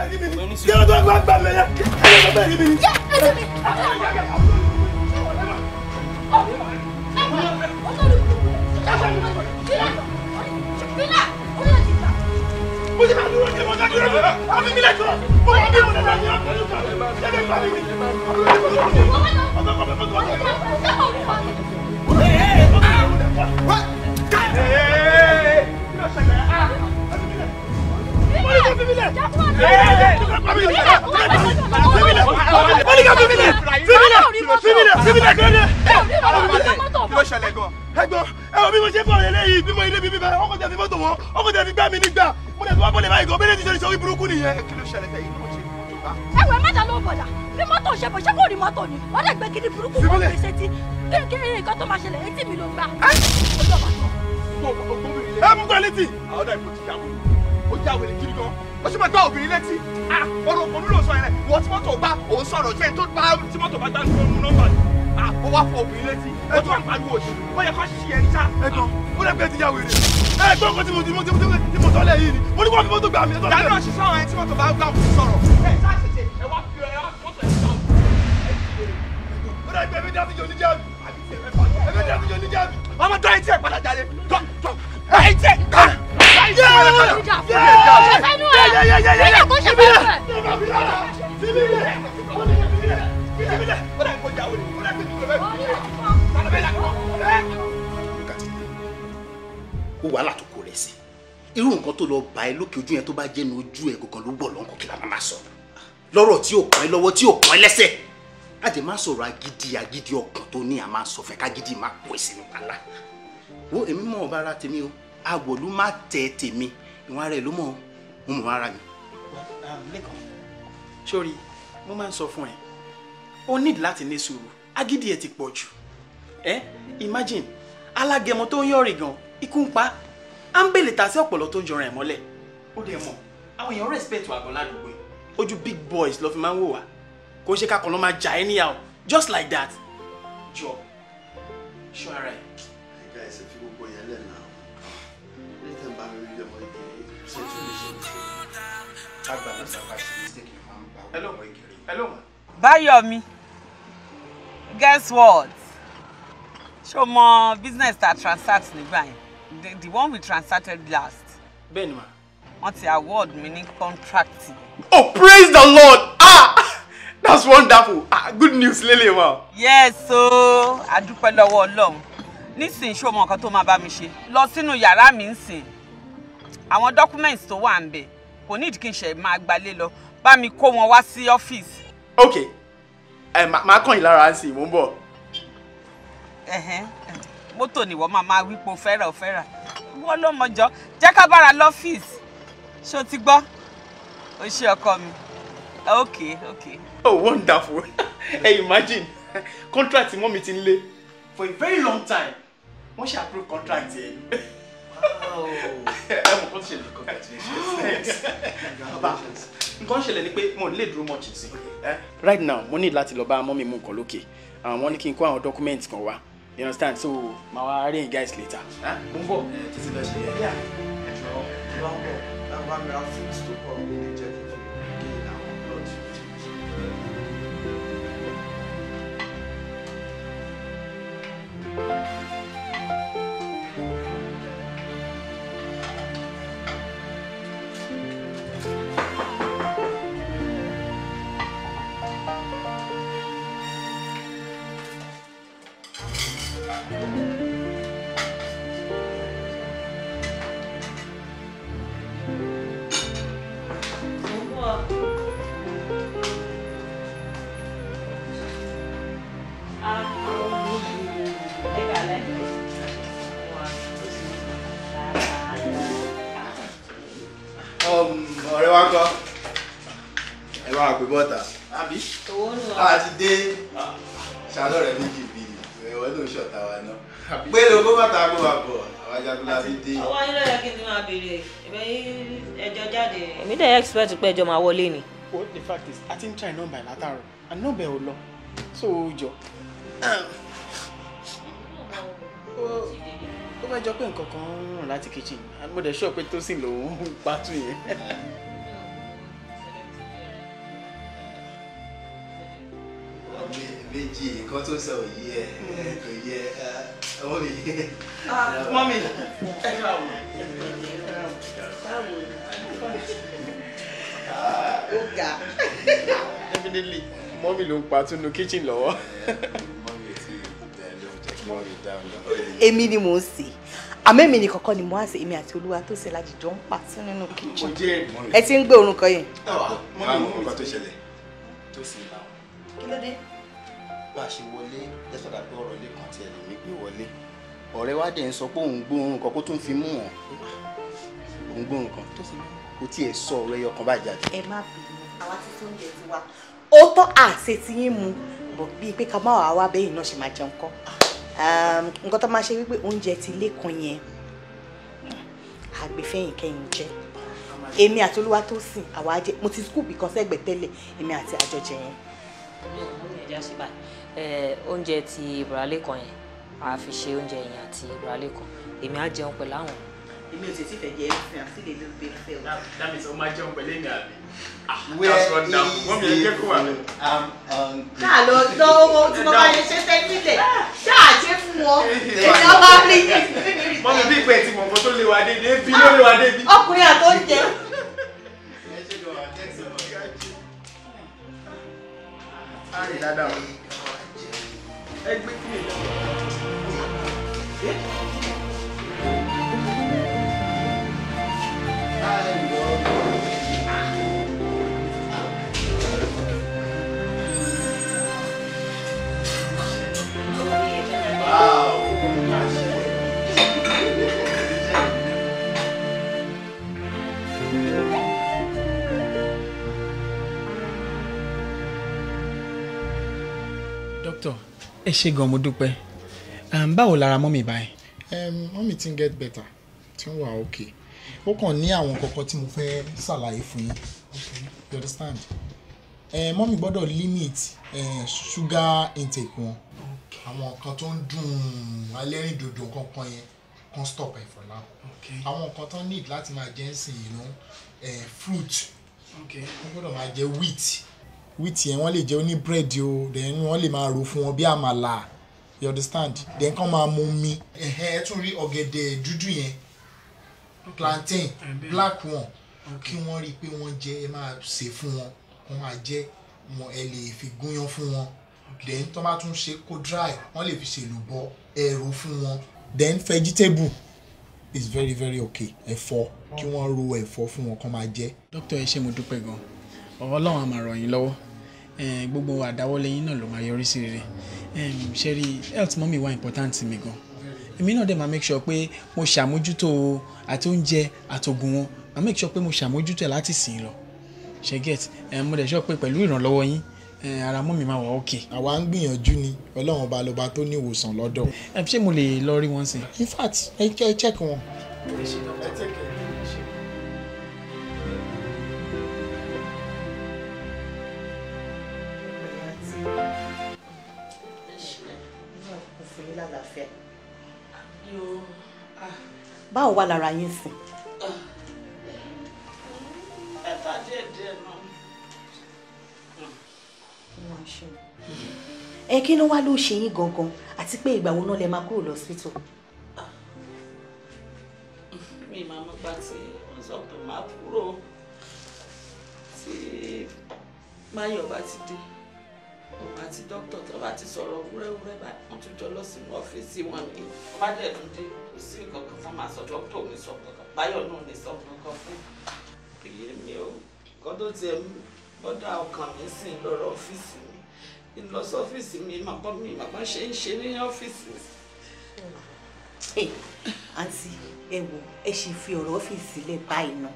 bẹ̀rẹ̀ ní mi ni kí ló tó gbà gbà mí lẹ ẹni tó bẹ̀rẹ̀ ní mi ni. Thank you. ẹ̀gbọ́n ẹ wọ bí mo ṣe bọ̀ ọ́ lẹ́yìn bí mo ilé bíbí báyìí ọkọ̀ tẹ̀ fi mọ́tò wọn ọkọ̀ tẹ̀ fi gbá mi nígbà mo lè fi wá bọ́lẹ̀ báyìí gan bẹ́ẹ̀ ni sọ́ni sọ́ni burúkú nìyẹn. kí ló ṣẹlẹ̀ tẹ̀yìn ló ṣe mọ́tò bá. ẹ wẹ mẹ́ta ló bọ̀dà bí mọ́tò ṣe bọ̀ ṣé kò rí mọ́tò ni wọ́n lè gbé kiri burúkú wọn fi ṣe ti kí nǹkan tó máa ṣẹlẹ̀ etí mi ló gbà. ẹ mú gbọ́ létí. àwọn ọ̀dà ìfọ̀ ti yà wọ́n ó já wèrè gidi gan ó sì máa gbá obìnrin létí ọ̀rọ̀ òkòlù ló sọ yẹn wọ́n tí mọ́tò bá òun sọ̀rọ̀ jẹ́ tó bá tí mọ́tò bá gbá nínú nọ́mbà ó wá fọ obìnrin létí ó tún wà pariwo òsì ó yẹ kó ṣì ẹ̀ ń sá. ẹ̀gbọ́n ó lè gbé ti ya wèrè ẹ gbọ́n kó tí mo ti mo ti ti mo tọ́lẹ̀ yìí ni mo ní wọ́n fi mọ́tò gbà mí. dáná ṣiṣẹ́ àwọn ẹni tí mọ́tò bá gbà wàhálà tó kó rẹ sí irú nǹkan tó lọ bá ẹ lókè ojú yẹn tó bá jẹnu ojú ẹ gọgàn ló wọ lọǹkọ kí la máa sọ lọ́rọ̀ tí ò pọn ẹ lọ́wọ́ tí ò pọn ẹ lẹ́sẹ̀ àjẹ má sọ̀rọ̀ agídí agídí ọkàn tó ní à máa sọ fẹ kágídí má pọ ẹ sínú wàhálà wo èmi mọ ọba ara tèmi o àwọ̀lú ma tẹ tèmi ìwọ̀n rẹ̀ ló mọ̀ mo mọ̀ ara mi. lẹ́kàn um, sórí mo máa ń sọ fún ẹ o need láti ní sùúrù agídí ẹ ti pọ̀ jù ẹ imagine alágẹmọ tó ń yọrì gan ikú ń pa á ń bèlè ta sí ọ̀pọ̀lọ tó ń jọra ẹ̀ mọ́lẹ̀ ó dẹ̀ mọ̀ àwọn èèyàn respect wa gan ládùúgbò yìí ojú big boys lọ fi máa ń wò wá kò ṣe ká kàn máa jà anyhow just like that jọ ṣọ́ ara ẹ̀. Báyọ̀mí guess what Show mọ business that transact nígbà yẹn the, the one we transacted last. bẹ́ẹ̀ni ma. wọ́n ti award mi contract. oh praise the lord ah that's wonderful ah good news lele ma. yes o I do ọlọ́run the ṣo long. nǹkan tó máa bá mi ṣe lọ sínú yàrá mi ń documents to one ń kò ní ìdíkì ṣe máa gbalé lọ bá mi kó wọn wá sí ọ́fíìsì. ok ẹ máa kàn yín lára sí i mò ń bọ̀. mọ́tò ni wọ́n máa máa wípo fẹ́ràn fẹ́ràn wọ́n ló mọ̀jọ́ jẹ́ ká bára lọ́fíìsì ṣé o ti gbọ́ o ṣe ọkọ mi ok ok. oh wonderful hey, imagine contract mọ́mi ti ń lé for a very long time wọ́n ṣe approve contract yẹn. Oh. nǹkan ṣẹlẹ̀ ni pé mo lè dúró mọ́ chìtì right now mo need láti lọ bá mọ́mí mú nǹkan lókè ah, wọ́n ní kí n kó àwọn dọ́kúmẹ́ǹtì kan wá you understand so ma wa arrange guys later. mo ń bọ̀ títí lọ ṣe yẹ thank you expect pé ẹjọ́ máa wọlé ni. well the fact is a ti ń try number ẹ̀ látàárọ̀ and number ẹ̀ ò lọ so o jọ ó bá jọ pé nǹkan kan ń rùn láti kitchen mo dẹ̀ sọ pé tó sì lòun ń pátú yẹn. méjì nǹkan tó sọ yìí ẹ kò yẹ ọmọ mi. mọ́mí ẹ máa wò. báwo ni ó ga. definitely mọ́mí ló ń pa tún nu kitchen lọ́wọ́. èmi ni mò ń sè àmọ́ èmi nìkan ni mo wá sí èmi àti olúwa tó ṣe láti jọ ń pa tún nínú kitchen ẹ ti ń gbé orun kan yẹn. mọ́mí mo nǹkan tó ṣẹlẹ̀ tó sì náà. kí ló dé. bá a ṣe wọlé jẹ́sọ̀dà pé ọ̀rọ̀ ilé kan tiẹ̀ lè mí gbé wọlé ọ̀rẹ́ wa dẹ̀ ń sọ pé òun gbóhùn kan kó tún fi mú wọn òun gbóhùn kan tó sì náà kò tiẹ̀ sọ ọ̀rọ̀ ẹyọ kan báyìí jáde. ẹ má bínú àwa ti tó ń jẹ tiwa ó tọ́ àṣẹ tí yín mu bọ̀ bíi pé ká má wàá wá bẹ́yìn náà ṣe máa jẹun kọ́ nǹkan tó máa ṣe wípé oúnjẹ ti lẹ́kàn yẹn àgbẹ̀fẹ́yìn kẹ́yìn jẹ́ èmi àti olúwa tó sìn àwa jẹ mo ti skúù bìkan sẹ́gbẹ̀ tẹ́lẹ̀ èmi àti àjọjẹ yẹn. oúnjẹ ti ìbúralé kan yẹn àá fi ṣe oúnjẹ yẹn àti ìbúralé kan èmi á jẹun pẹ̀lú àwọn èmi ò tètè fẹ́ àti lè little bit fail. that means ọmọ ajé ọmọ ẹlẹ́ni àbí. Ah, where is the food i'm hungry. ṣáà lọ sọ owó tí mo bá lè ṣe sẹ́kílẹ̀ ṣáà ṣe fún wọn èmi ọba rí ní ìsinmi. bí ìpè tí mọ̀mọ́ tó lè wà débi ebi ló lè wà débi. Ah, ọkùnrin àtó jẹ. ẹ gbé kí ni. ẹ ṣe gan mo dúpẹ́ báwo lára mọ́mì báyìí. mọ́mì ti ń get better ti ń wà okay ó kàn ní àwọn kọ̀ọ̀kan tí mo fẹ́ ṣàlàyé fún yín you understand eh, mọ́mí gbọ́dọ̀ limit eh, sugar intake wọn àwọn nǹkan tó ń dùn alẹ́rìndòdò kankan yẹn kan stop ẹ̀ for now àwọn nǹkan tó need láti máa jẹ ǹsìn yìí nù fruit wọ́n gbọ́dọ̀ máa jẹ wheat wheat yẹn wọ́n lè jẹ oní bread o then wọ́n lè máa ro fún wọn bí àmàlà you understand then kàn máa mu omi ẹ̀hẹ́ ẹ tún rí ọ̀gẹ̀dẹ̀ dúdú yẹn plantain black one kí wọ́n rí i pé wọ́n jẹ ẹ máa ṣe fún wọn wọ́n máa jẹ wọn ẹ lè fi gúnyán fún wọn then tó bá tún ṣe kó dry wọ́n lè fi ṣe ẹ̀rọ fún wọn. then vegetable is very very okay ẹ̀fọ́ kí wọ́n ro ẹ̀fọ́ fún wọn kán máa jẹ. dókítà ẹ ṣé mo dúpẹ́ gan-an ọ̀rọ̀ ọlọ́run á máa ràn yín lọ́wọ́ gbogbo àdáwọ́lé yín náà ló máa yọrí sí rere ṣe rí health mọ́mì wá important mi gan-an èmi náà dẹ̀ máa make sure pé mo ṣàmójútó àti oúnjẹ àtògùn wọn I make sure pé mo ṣàmójútó ẹ̀ láti sìn lọ ṣe get mo dẹ̀ sọ pé pẹ̀lú ìrànlọ́wọ́ yín ara mọ́ mi máa wà ókè. àwa ń gbìyànjú ni ọlọ́run ọba lọba tó ní ìwòsàn lọ́dọ̀. ẹ ṣé mo lè lọ rí wọn sìn. in fact ẹ jẹ́ ẹ check wọn. ẹ ah báwo wà lára yín sìn. bẹ́tà díẹ̀ díẹ̀ náà. ẹ kí ló wá ló ṣe yín gangan àti pé ìgbà wo náà lẹ máa kúrò lọ́sítò. mi máa mú pa tí wọ́n sọ pé màá kúrò tí Máyọ̀ bá ti dé àti dókítà tó bá ti sọ̀rọ̀ wúrẹ́wúrẹ́ bá wọ́n tún jọ lọ sínú ọ́fíìsì wọn ni wọ́n bá dẹ̀ tún dé kò sí nǹkan kan tó máa sọ dókítà mi sọ kankan báyọ̀ náà lè sọ kankan fún iye mi o nǹkan tó tiẹ̀ bọ́dà ọkàn mi sì ń lọ́rọ̀ ọ́fíìsì mi ń lọ sí ọ́fíìsì mi màbá mi màbá ṣe ń ṣe ní ọ́fíìsì mi. àǹtí ẹ wo ẹ ṣì fi ọ̀rọ̀ ọ́fíìsì sílẹ̀ báyìí náà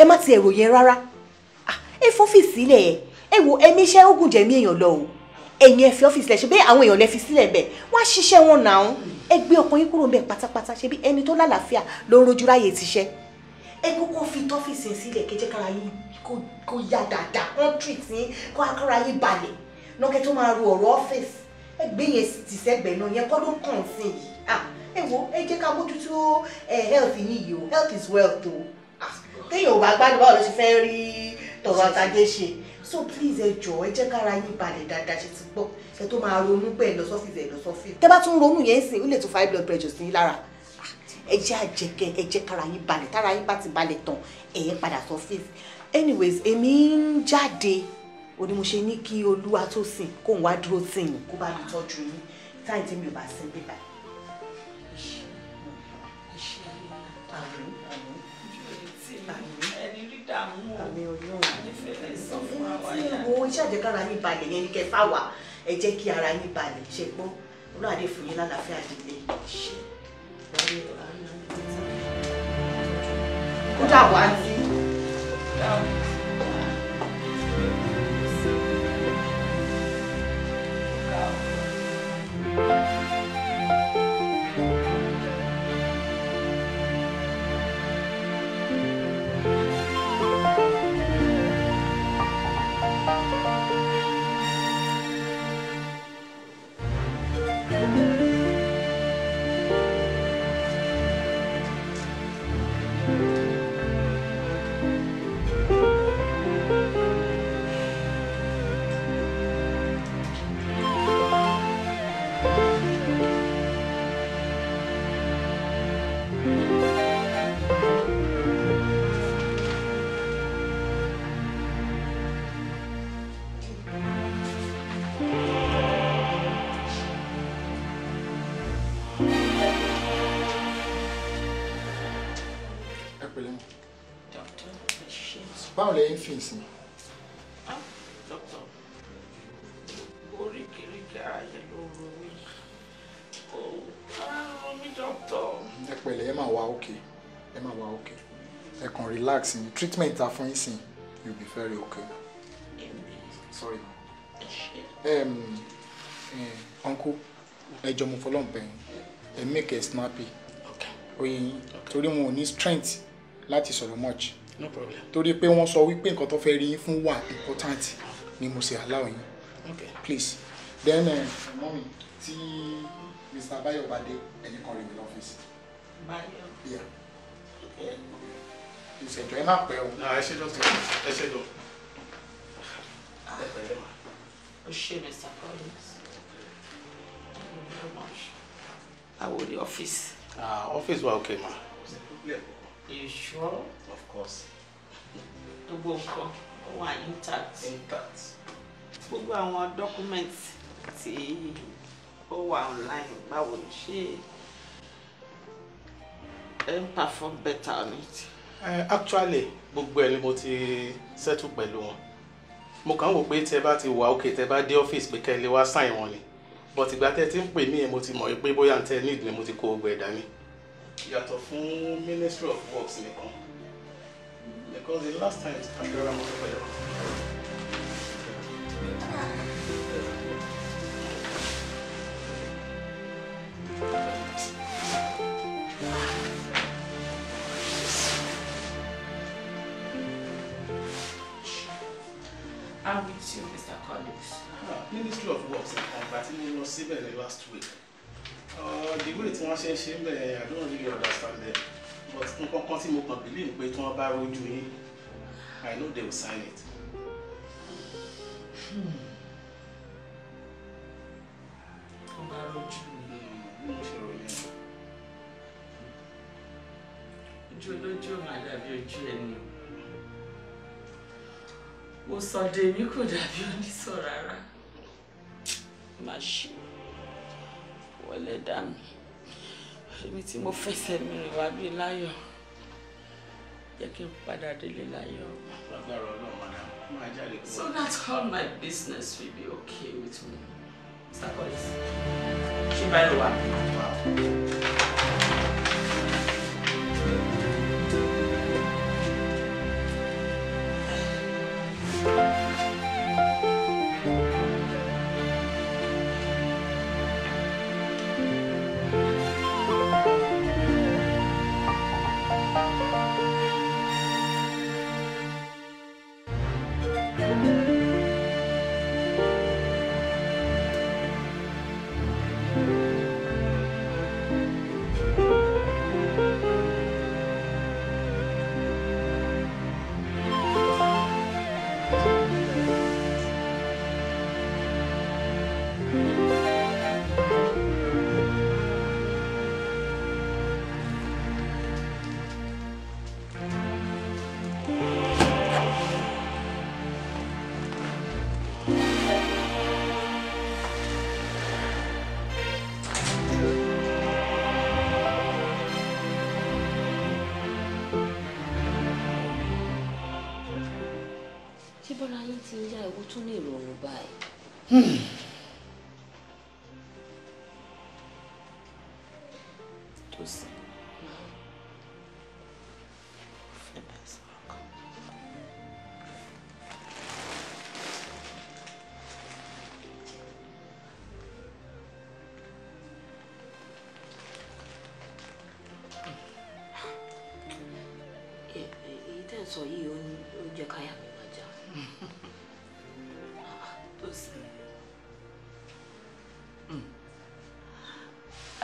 ẹ má ti ẹ̀rò yẹn rárá ẹ fọ́fíìsì sílẹ̀ ẹ̀ ẹ wo ẹ̀mí iṣẹ́ ó gùn èèyàn lọ o ẹ̀yin ẹ fi ọ́fíìsì lẹ̀ ṣe bẹ́ẹ̀ àwọn èèyàn lẹ fi sílẹ̀ bẹ́ẹ̀ wọ́n á ṣiṣẹ́ wọn náà ẹ gbé ọkàn yín kúrò bẹ́ẹ̀ pátápátá ṣe bí ẹni tó lálàáfíà ló ń rojú ráyè tiṣẹ́ ẹ kókó fi tọ́fíìsì sílẹ̀ kẹjẹ́ kára yín kó yá dáadáa wọ́n treat yín kó akára yín balẹ̀ nọ́kẹ́ tó máa ro ọ̀rọ̀ ọ́fíìsì ẹ gbé yẹn ti sẹ́gbẹ̀ẹ́ náà yẹn kọ́ ló kàn sí yìí ẹ wo ẹ jẹ́ ká mójútó health yín yìí o health is wealth o téèyàn ò bá gbádùn báwo ló ṣe fẹ́ rí tọ̀rọ̀ àtàgé ṣe so please ẹ jọ̀ọ́ ẹ jẹ́ kára yín balẹ̀ dáadáa ṣe ti gbọ́ ẹ tó máa ronú pé ẹ lọ sọ́fíìsì ẹ lọ sọ́fíìsì. tẹ́ bá tún ronú yẹn ń sìn ó lè tún fa high blood pressure sí yín lára ah, ẹ jẹ́ àjẹkẹ́ ẹ jẹ́ kára yín balẹ̀ tára yín bá ti balẹ̀ tán ẹ yẹn padà sọ́fíìsì anyways èmi ń jáde òní mo ṣe ní kí olúwa tó sìn kóun wá dúró sìn kó bá mi tọ́jú yín táyì tí mi ò bá sin bíbáyìí dààmú o nífẹ̀ẹ́ sọ fún àwa yá. ìwọ iṣẹ́ àjẹkára yín balẹ̀ yẹn ni kẹfà wà ẹ jẹ́ kí ara thank you báwo lẹ́yìn fi ìsìn. Ah, dókítà oríkèéríkè ààyè ló ro mí kò rárá mi dókítà. ẹ pẹ̀lẹ́ ẹ máa wá òkè ẹ máa wá òkè ẹ kàn relax ní treatment ta fún yín sìn you be very okay. sorry Um, uh, uncle ẹ jọ mo fọlọ́n bẹ̀ ẹ make a snappy oyin torí wọn ò ní strength láti sọ̀rọ̀ much no problem. torí pé wọ́n sọ wípé nǹkan tó fẹ́ rí fún wà important ni mo ṣe allow yín okay please then eh, mọ́mi tí mr bayo bá dé ẹ̀yìn kan rí mi lọ́fíìsì. bayo. yeah. Eh, okay. ìṣèjọ ẹ má pẹ́ o. Ah, ẹ ṣe jọ ẹ ṣe jọ. Ah. o ṣe mr collins very much. How was the office? Ah, uh, office was okay, ma. Yeah you sure? Of course. Gbogbo nǹkan ó wà intact. Intact. Gbogbo àwọn documents tí ó wà online But ni she, ẹ perform better on it? Uh, actually gbogbo ẹ̀ ni mo ti settle pẹ̀lú wọn mo kàn ń wò pé tẹ bá ti wà òkè tẹ bá dé ọ́fíìsì pé kẹ́ ẹ lè sign wọn ni but ìgbà tẹ ti ń pè mí ẹ mo ti mọ̀ pé bóyá ń tẹ ní ìdílé mo ti kó gbẹ dání yàtọ̀ fún ministry of works nìkan because the last time aṣọra mo fẹ́ yọ. I'm with you, Mr. Collins. Ah, ministry of Works, I'm battling in the last week the way tí wọ́n ṣe ń ṣe ń bẹ̀ I don't really understand them but nǹkan kan tí mo kàn believe pé tí wọ́n bá rojú yín I know they will sign it. wọ́n bá rojú mi hmm, ṣe ròyìn. ojú olójú ọ̀hún àdàbí ojú ẹni o sọ̀dẹ̀ mi kò dàbí oníṣọ̀ rárá. máa ṣe ìwọ ẹlẹ́dàá èmi tí mo fẹsẹ̀ mi rìn wá bí láyọ̀ jẹ́ kí n padà délé láyọ̀. lágbára ọlọ́run madam máa jáde kúrò. so that all my business will be okay with me. Mr. Collins. She by the way. tún ní ìrọ̀rùn báyìí. Hmm.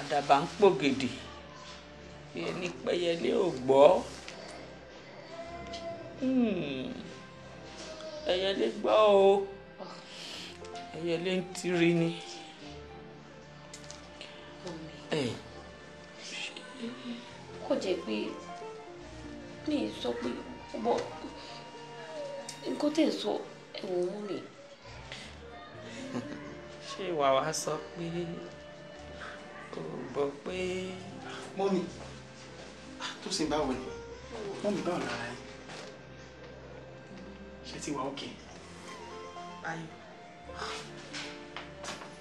àdàbà ń pògèdè bí ẹni pẹyẹlé ò gbọ́ hmm. ẹyẹlé gbọ́ o ẹyẹlé ń tiri ni kò jẹ́ pé mi sọ pé bọ nǹkan tẹ̀ ń sọ ẹ̀wọ̀n mú mi. ṣé ìwà wa sọ pé kò gbọ́ pé. mọ́mí ah, tó sì ń báwo ni mọ́mí báwo lára yín ṣe ti wà òkè. ayọ̀.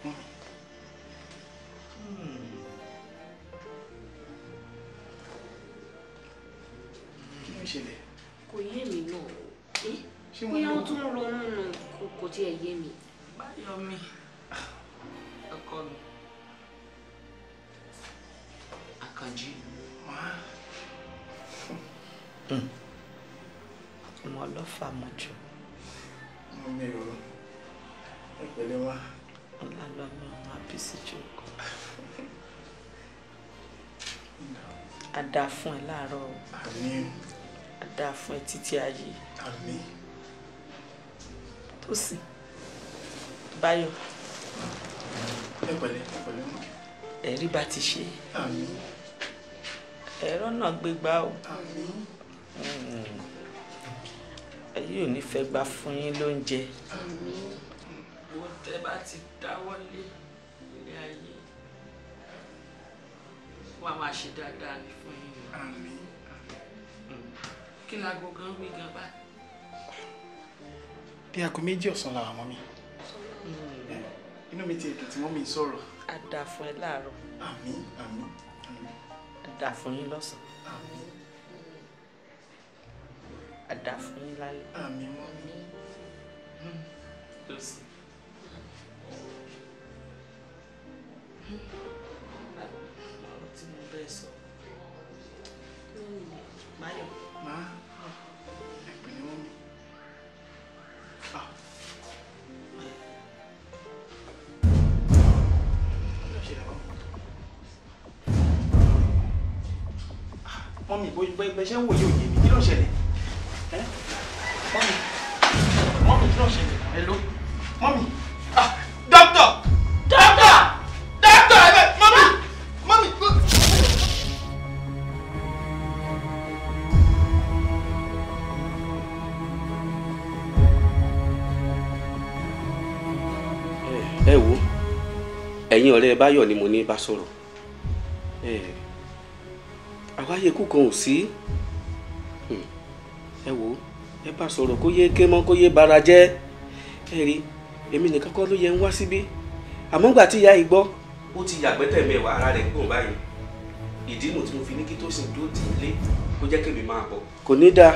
Hmm. kí ló ń ṣẹlẹ̀. kò yé mi náà bóyá wọ́n tún ń ronú kò tiẹ̀ yé mi. báyọ̀ mi. fà mọ́jọ. mo mi ò ẹ pẹ̀lẹ́ wá. ọlọ́lọ́mọ máa bí sí jókòó. a dáa fún ẹ láàárọ̀ o. àmín. a dáa fún ẹ títí ayé. àmín. tó sì báyọ̀. ẹ pẹ̀lẹ́ ẹ pẹ̀lẹ́ mọ́. ẹ̀rí bá ti ṣe. àmín. ẹ̀rọ náà gbégbá o. Mm ayé ò ní fẹ́ gbà fún yín lóúnjẹ. mo tẹ bá ti dáwọ́lé ilé ayé wà máa ṣe dáadáa ní fún yín. Hmm. kí ni aago gan wí gan báyìí. bí aago méjì ọ̀sán la wà mọ́ mi hmm. hmm. inú mi ti dùn tí mọ́ mi sọ̀rọ̀. a dà fún ẹ láàárọ̀. àmín àmín. a dà fún yín lọ́sàn-án. àmín àdá fún yín lálẹ́. àmì wọn ní tó sì. ọ̀rọ̀ tí mo bẹ́ẹ̀ sọ. Máyọ̀. Má ah. ẹ̀pẹ̀ ni wọ́n mi. Mọ́mí, ah. ah. bẹ́ẹ̀ ṣe ń wòye òye mi, kí ló ń ṣẹlẹ̀? mọ́mí kí ló ṣe èlò mọ́mí dókítà dókítà dókítà ẹ̀bẹ̀ mọ́mí mọ́mí. ẹ wo ẹ̀yin ọ̀rẹ́ Báyọ̀ ni mo ní bá sọ̀rọ̀ àwáyé kú kan ò sí. Si ẹ wò ó ẹ bá sọ̀rọ̀ kó yé ké mọ́ kó yé bara jẹ́ ẹ rí èmi nìkan kọ́ ló yẹ ń wá síbí àmọ́ gbà tí ìyá yìí gbọ́ ó ti yàgbẹ́tẹ̀ mẹ́wàá ara rẹ̀ gbọ̀n báyìí ìdí nù tí mo fi ní kí tó sì dúró tì í lé kó jẹ́ kémi máa bọ̀. kò ní dáa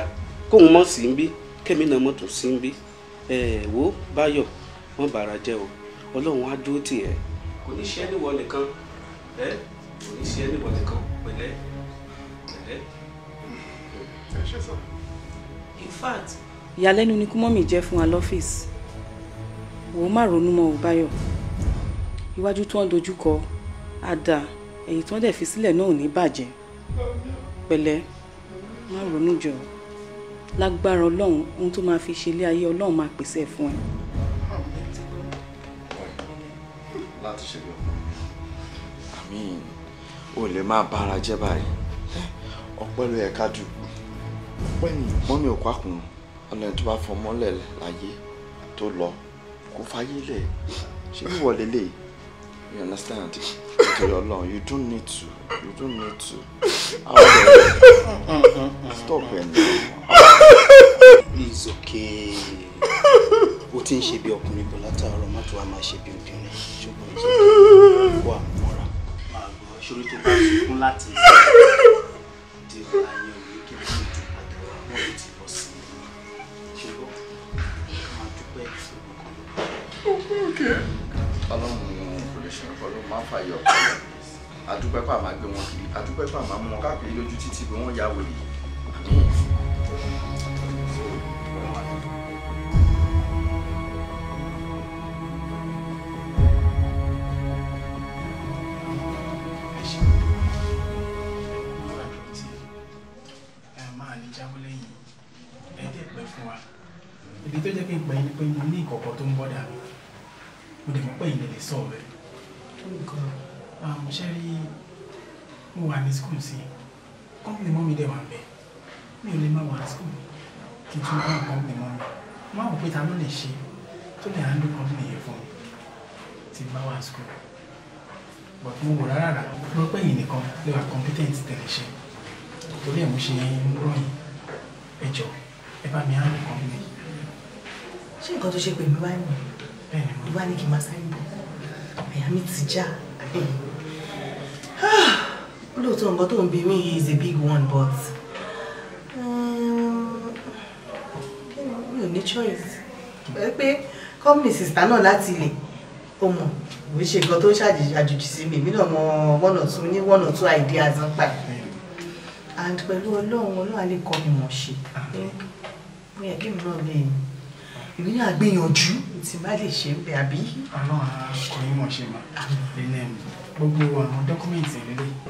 kóun mọ̀ sí ń bí kémi náà mọ̀ tún sí ń bí ẹ wo báyọ̀ wọ́n bàrà jẹ́ o ọlọ́run á dúró tì ẹ́. kò ní ṣe é níwọ nìkan ẹ kò ní ṣe é níwọ nìkan pẹ̀lẹ́ pẹ̀lẹ́. ẹ ṣe sọ in fact. ìyàlẹ́nu ni kúmọ́mì jẹ́ fún wa lọ́fíìsì wò ó má ronú mọ́ ò báyọ̀ iwájú tó ń dojú kọ àdá èyí tó ń dẹ̀ fi sílẹ̀ náà ò ní bàjẹ́ pẹ̀lẹ́ má ronú jọ lágbára ọlọ́run ohun tó máa fi ṣe ilé ayé ọlọ́run máa pèsè ẹ̀ fún ẹ. láti ṣe lọ àmì ò lè máa bára jẹ́ báyìí ọpẹ́ ló yẹ ká dùn pẹ́ẹ́nì mọ́mí ò kwákùn ọ̀nà tó bá fọ mọ́lẹ̀ láyé tó lọ kó fáyé lẹ̀ ṣé wíwọ lélẹ̀ you understand nítorí ọlọ́run you don't need to you don't need to out there stop ẹ̀ náà. it's okay o ti ń ṣe bí ọkùnrin bọ̀ látàárọ̀ má tó wá máa ṣe bí obìnrin ṣùgbọ́n ìṣèjọba wà mọ́ra máa gbọ́ ṣorí tó bá sunkún láti ìsìn dèrò ayé òní kìlọ̀ wọ́n lè ti lọ sí i ṣùgbọ́n ká máa dúpẹ́ fún ọkàn lọ́wọ́. ọlọ́run ni wọn kò lè ṣe nǹkan máa ń fàyọ ọpọlọ adúpẹ́ pàmò wọn kiri adúpẹ́ pàmò àmọ́ wọn káàkiri lójú títì bí wọ́n yà wòlíì nǹkan kan tó ń bọ́dà mi mo dẹ̀ mọ̀ pé ìyẹn lè sọ ọ̀rẹ́ nǹkan ah, ṣe rí mo wà ní skul sí kọ́mpìnì mọ́ mi dẹ̀ wà ń bẹ̀ mi ò lè má wà ní skul kí n tún bá kọ́mpìnì mọ́ mi má wò pé ta ló lè ṣe tó lè handle kọ́mpìnì yẹn fún mi tí n bá wà ní skul but mo wò rárá rà mo pé yìí nìkan lè wà competent tẹ̀lé ṣe torí ẹ̀ mo ṣe ròyìn ẹjọ́ ẹ bá mi handle kọ́mpìnì yìí ṣé nǹkan tó ṣe pè mí wá ní ló bá ní kí n máa sáré bọ̀ àyà mi ti já lóòótọ́ nǹkan tó ń bi mí is a big one but um, mi ò ní choice pé company sista náà láti ilẹ̀ ó mọ̀ òun ṣe nǹkan tó ń ṣàjèjì sí mi èmi náà mọ one or two ní one or two ideas ń pa and pẹ̀lú ọlọ́run ọlọ́run á lè kọ́ mi mọ̀ ṣe ó yẹ kí mi náà lè èmi náà gbìyànjú tí má lè ṣe ń bẹ àbí. ọlọ́run kò ní mọ̀ ṣe mà lẹ́nu gbogbo àwọn dọ́kúmẹ̀ntì lélẹ̀.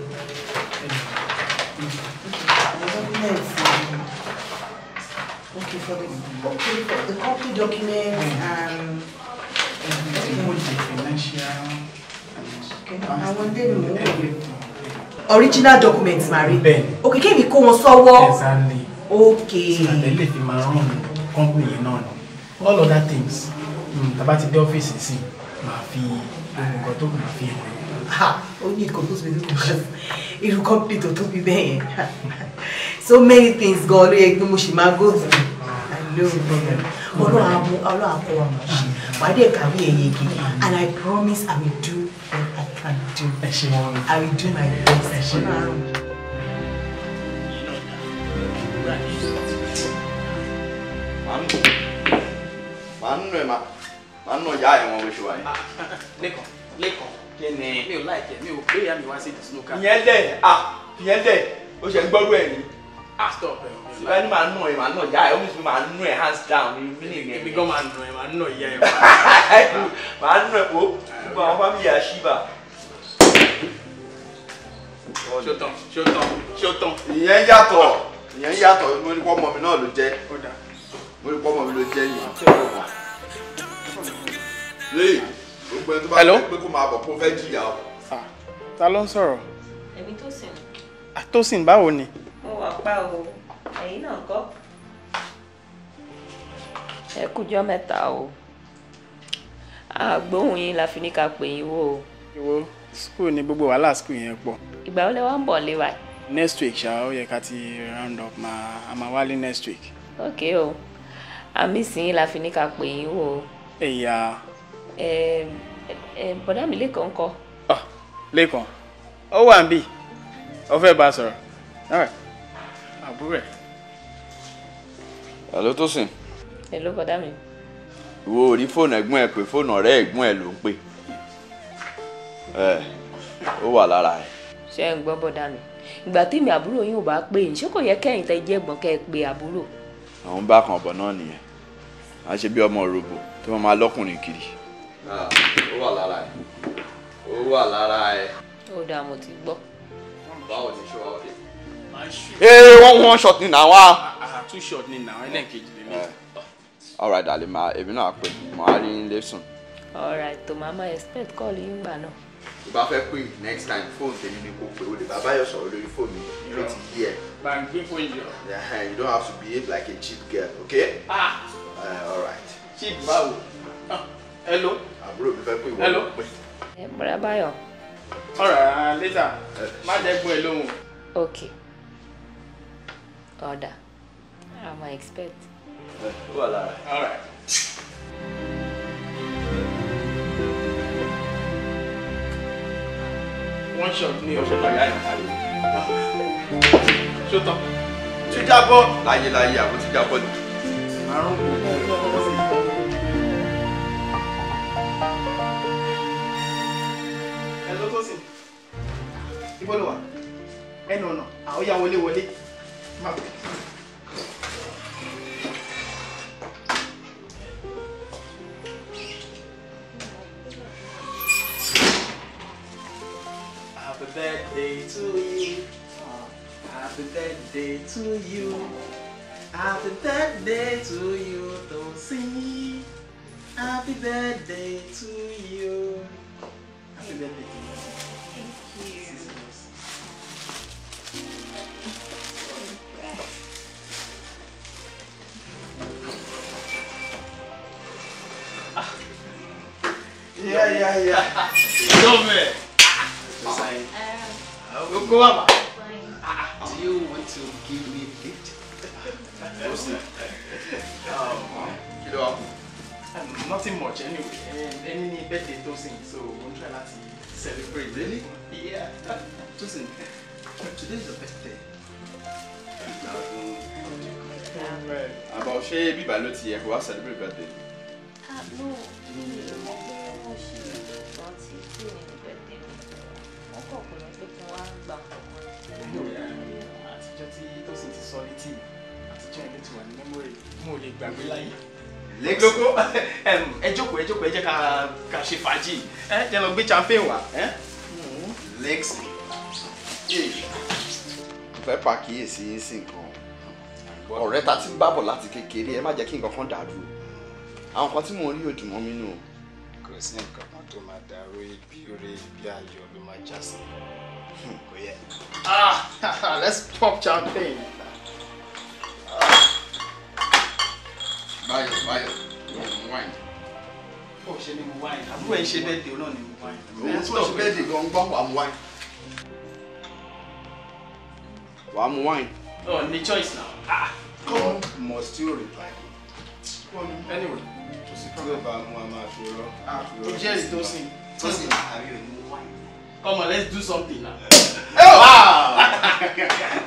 documents and... Um, okay. financial... Okay, I want them to know original documents mari okay kí èmi kó wọn sọ́wọ́ okay. sàlẹ̀ lè fi máa rán company yẹn náà ni all other things hmm, tàbá ti dé ọ́fíìsì sí máa fi ohun nǹkan tó máa fi hàn. ó ní nǹkan tó tóbi nǹkan irú kọ́pì tó tóbi bẹ́ẹ̀ yẹn so many things gan ló yẹ pé mo ṣì máa go through ọlọ́run ọlọ́run akọ wa mọ̀ ṣe wàdí ẹ̀kàwé ẹ̀yẹ gidi and I promise I will do what I can do I will do my best. màá nù ẹ̀ màá nù ọ̀yá ẹ̀wọ̀n oṣù wa yẹn. lẹ́kọ̀ọ́ lẹ́kọ̀ọ́ kí ni mi ò láìkẹ́ mi ò gbé ìyá mi wá sí ìdìsínú ká. ìyẹn stop ẹ̀ o. síbẹ̀ ni màá nù ẹ̀ hands down ní mí nìyẹn. ibi gan màá nù ẹ̀ màá nù ọ̀yá ẹ̀ màá nù ẹ̀ o gbogbo àwọn fámìlì àṣìbà. ṣótán ṣótán ṣótán. ìyẹn yàtọ̀ ìyẹn yàtọ̀ mo ní kọ́ ọmọ mi náà ló Hello. gbogbo ẹni tó bá fẹ́ pé kó máa bọ̀ kó fẹ́ jìyà o. ta ló ń sọ̀rọ̀. èmi Tósìn. Tósìn báwo ni. mo wà pa o ẹ̀yin náà kọ́. ẹ kújọ́ mẹ́ta o àgbóhùn yín la fi ní ká pè yín wò o. ìwọ school ni gbogbo wàhálà school yẹn pọ̀. ìgbà wo lẹ wá ń bọ̀ lé wa. next week ṣá ó yẹ ká ti round up máa a máa wálé next week. ok o àmì sìn yín la fi ní ká pè yín wò o. ẹ̀yà. Hey, uh, Eh, eh, bọ̀dá mi lẹ́kọ̀ọ́ ń kọ́. Ah, lẹ́kọ̀ọ́ ó wà ń bì ó fẹ́ bá a sọ̀rọ̀ àbúrò ẹ̀. hello Tosin. hello bọ̀dá mi. ìwọ ò rí fóònù ẹ̀gbọ́n ẹ pé fóònù ọ̀rẹ́ ẹ̀gbọ́n ẹ ló ń pè ẹ ó wà lára ẹ. ṣé ń gbọ́ bọ̀dá mi ìgbà tí mi àbúrò yín ò bá pè ṣé kò yẹ kẹ́yìn tẹ́ jẹ́ ẹ̀gbọ́n kẹ́ ẹ pé àbúrò. àwọn bá kan ọ̀bọ̀ náà nìyẹn à ṣe bí ọmọ òròbó tí wọ́n máa lọ́kùnrin kiri. Ah, ó wà lára ẹ̀ ó wà lára ẹ̀. ó dáa mo ti gbọ́. báwo ni ṣọwọ́ ọ̀kẹ́. ee wọ́n wọ́n eh, short ni náà wá. Ah. Ah, two short ni náà ẹlẹ́ẹ̀kejì lè mí. Eh. all right darling ma èmi náà pè mo á rí ilé sùn. all right tó máa máa expect call yín gbà náà. tó bá fẹ́ pè next time fóònù tèmi ni kò pé o lè bá báyọ̀ sọ̀rọ̀ lórí fóònù mi ló ti yí ẹ. bàǹgbé fún yìí. Eh, you don't have to behave like a cheap girl okay. ah uh, all right. cheap báwo hello. àbúrò mi fẹ́ pé ìwọ ló pè. ẹ eh, báyọ̀. ọ̀rọ̀ later eh, má dẹ́gbọ́n ẹ lóhùn. ok ọ̀dà i ma expect. Eh, ó wà lára. all right. one shot ní ọ̀ṣọ́ láyà ìtàlẹ̀. ṣó tán. tí jábọ́ láyé láyé àbótí jábọ́ ni. àrùn kò kọ́ ọ́. Happy birthday to you. Happy birthday to you. Happy birthday to you, Tosin. Happy birthday to you. Listen, today is your birthday. Amen. About she be by Lottie, who has celebrated birthday. Ah, no. Àtijọ́ tí tó sì ti sọ létí mi, àtijọ́ ẹgbẹ́ tí wà ní mẹ́mórì, mo lè gbàgbé láyé lẹ́gbẹ́kọ́ ẹ jókòó ẹ jókòó ẹ jẹ́ ká ṣe fàájì ẹ jẹ́ lọ gbé champagne wá. legs mo fẹ́ pàkíyèsí yín sí nǹkan ọ̀rẹ́ ta ti ń bábọ̀ láti kékeré ẹ má jẹ́ kí nǹkan kan dàrú àwọn kan tí mò ń rí òdùmọ́ mi nù. kò sí nǹkan kan tó máa dàrú ibi orí ibi ayọ̀ ló máa já sí hmm. kò yẹ. ah let's pop champagne. báyọ̀ báyọ̀ ló mú wáìnì. ó ṣe ni mo wáìnì àbúrò ẹ̀ ń ṣe bẹ́ẹ̀ dé náà ni mo wáìnì. òun tó ṣe bẹ́ẹ̀ dé gan-an gbọ́ wà wáìnì wàá mu wine. oh ní choice now. ah God must you reply. anyway. kò sí kí ló bá mu àmà àṣòro. tó jẹ́ ìdósìn. tó sì máa àrí wine. come on let's do something now. oh, wow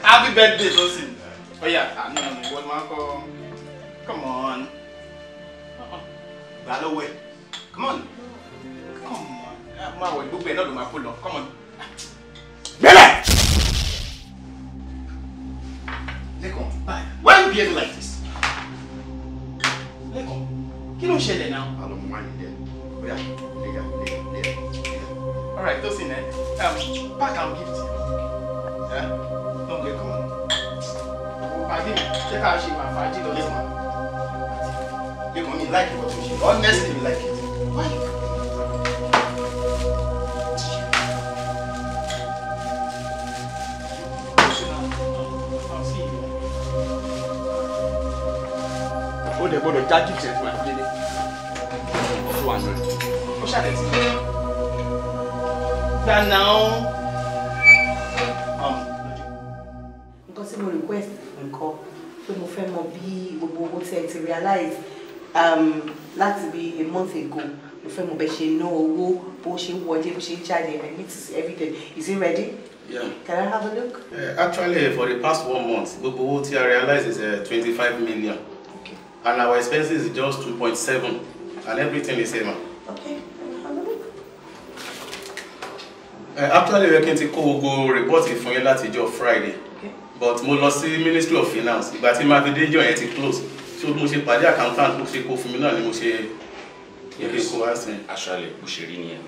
happy birthday dosin. oya àná mi wọ́n máa kọ́ come on. Uh-uh. gbà lọ́wọ́ ẹ̀ come on come on. Ah, máa wọ ìgbógbó ẹ̀ náà ló máa kó come on. gbẹ́lẹ̀ lẹ́kọ̀ọ́ bye. why you behave like this. lẹ́kọ̀ọ́ kí ló ń ṣẹlẹ̀ náà. alo mo máa ń yẹ oya leya leya leya. all right tosin ẹ eh? um, pack am gift yeah? don go come on. pàdé mi ṣé ká ṣe máa fàájì lọ lẹ́kọ̀ọ́ like it but mi ṣe honestly mi like it. Why? dẹ̀ gbọ́dọ̀ já gift ẹ̀ fún ẹ̀ délé two hundred ó ṣàlẹ̀ sí i. gbanà ó. nǹkan tí mo request nǹkan pé mo fẹ́ mọ bí gbogbo owó tí ẹ ti realize um, láti bí a month ago mo fẹ́ mọ bẹ́ẹ̀ ṣe ná owó bó ṣe ń wọlé bó ṣe ń jáde and it is everything is it ready. Yeah. Can I have a look? Uh, actually, for the past one month, gbogbo owó tí a realize is uh, 25 million and our expenses is just 2.7 and everything is same. Okay. Uh, actually we kin ti kó gbogbo report fún yín láti job Friday. Okay. But we lost the Ministry of Finance But tí ma fi dé jọ́ yẹn close. So mo ṣe pàdé accountant tó ṣe kó fún mi náà ni Yes. Actually, we should kó wá sin. Aṣálẹ̀ bó ṣe We nìyẹn.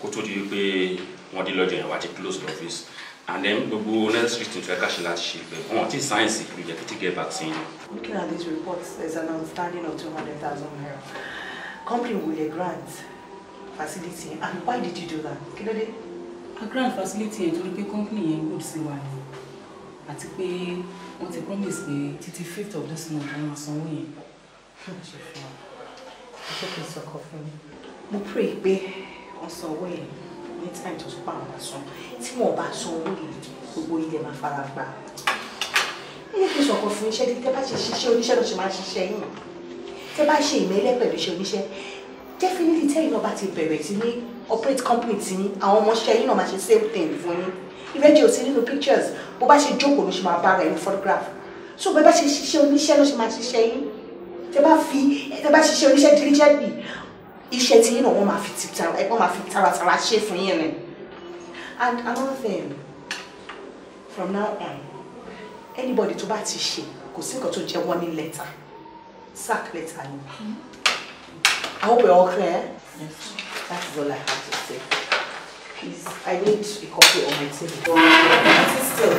Kó tó di pé close the office and then gbogbo next street tó ẹ̀ka ṣe láti ṣe ìgbẹ́ wọn ti sáyẹ̀nsì ló we kí ti get vaccine. Looking at these reports, there's an outstanding of 200,000 naira. Company will a grant facility. And why did you do that? Kí ló dé? A grant facility and to pé company yẹn good sí wa ni. Àti pé wọ́n promise pé títí fifth of this month wọ́n máa sanwó I Ṣé a sucker Ṣé kìí sọkọ pray be, on san owó yẹn time tó tún pa àwọn àsun. Tí wọ́n bá san owó yẹn, gbogbo ilẹ̀ máa fara ní kí sọ̀kọ̀ fún iṣẹ́ tí tẹ́ bá ṣe ṣiṣẹ́ oníṣẹ́ lọ́ọ́ ṣe máa ṣiṣẹ́ yìí tẹ́ bá ṣe ìmẹ́lẹ́ pẹ̀lú iṣẹ́ oníṣẹ́ definitely tẹ́yìn náà bá ti bẹ̀rẹ̀ sí ní operate company tí àwọn ọmọọṣẹ́ yìí náà máa ṣe same thing fún yín ìrẹ́jì òsì nínú pictures bó bá ṣe jókòó ló ṣe máa bá ara ẹni photograph so bẹ́ẹ̀ bá ṣe ṣiṣẹ́ oníṣẹ́ ló ṣe máa ṣiṣẹ́ yín tẹ́ bá fi tẹ́ bá ṣiṣẹ́ oníṣẹ́ diligently iṣẹ́ tí yín náà wọ́n máa fi taratara ṣe fún yín ni and another thing from now on anybody tó bá ti ṣe kò sí nǹkan tó jẹ́ warning letter sack letter ni I hope we're all clear that is all I have to say please I need a copy of my table still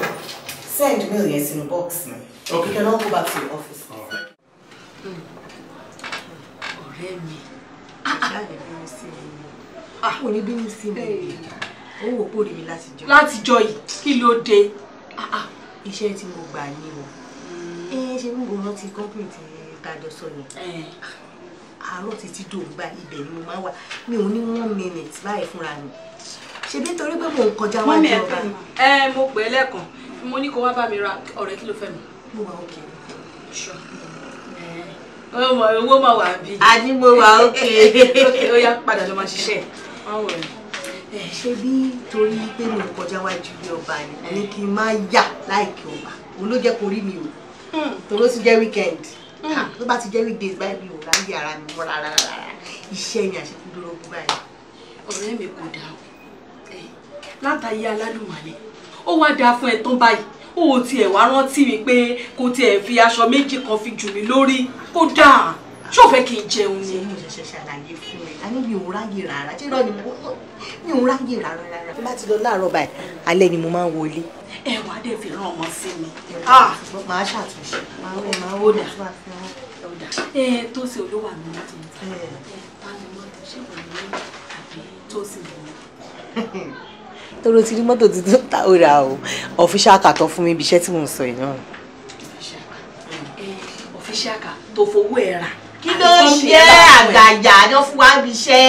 send millions in a box man okay. you can all go back to your office. All right. Hmm. ọ̀rẹ́ mi ṣáàlì ah, ah. bínú sí mi ò ah. ní bínú sí mi ó wò pòrí mi látijọ́ yìí kí ló dé iṣẹ́ tí mo gbà ni o ẹ ṣe mú mo rántí company tí tajọ sọ yẹn àárọ̀ títí dògbà ibẹ̀ ni mo máa wà mi ò ní one minute báyìí fúnra mi ṣe bí nítorí pé mò ń kọjá wá jẹ ọba. ẹ mo pè é lẹ́ẹ̀kan mo ní kó wá bá mi ra ọ̀rẹ́ kí ló fẹ́ mi. mo wà òkè. owó máa wà bí. a ní mo wà òkè. ó yá padà lọ máa ṣiṣẹ́ ṣé bí torí pé mo kọjá wájú ilé ọba ni mo ní kí n máa yà láìkí ọba òun ló jẹ́ kó rí mi o hmm. tòró ti jẹ́ weekend hmm. ah, tó bá ti jẹ́ weekdays báyìí mi ò ráyè ara mi mọ́ rárá rárá iṣẹ́ ni àṣekúndúrógún báyìí. ọ̀rẹ́ mi kò dáa o látàyé alálùmọ̀lẹ́ ó wá dáa fún ẹ tán báyìí ó tiẹ̀ wá rántí mi pé kò tiẹ̀ fi aṣọ méjì kan fi jù mí lórí kó dáa ṣé fẹ́ kí n jẹun ni. mo ṣẹ̀ṣẹ̀ ṣàlàyé fún ẹ a mi ò ráyè rárá ṣé lọ́ọ́ ni mi ò ráyè rárá rárá. bí bá ti lọ láàárọ̀ báyìí alẹ́ ni mo máa ń wọlé. ẹ wàá dẹ̀ fi rán ọmọ sí mi. Ah! màá ṣàtúnṣe màá wẹ̀ màá wò dà. ẹ tó ṣe olówó àmì mọ́tò bá mi mọ́tò ṣé kò ní àbí tó ṣe mọ́. toro ti rí mọ́tò tuntun tá ò ra o ọ̀fíṣà kàtọ́ fún mi ibi iṣẹ́ tí mò ń sọ yìí náà. ọ̀fíṣà kà tó fowó ẹ̀ rà kí ló ṣe àgàjà ló fún wa bí iṣẹ́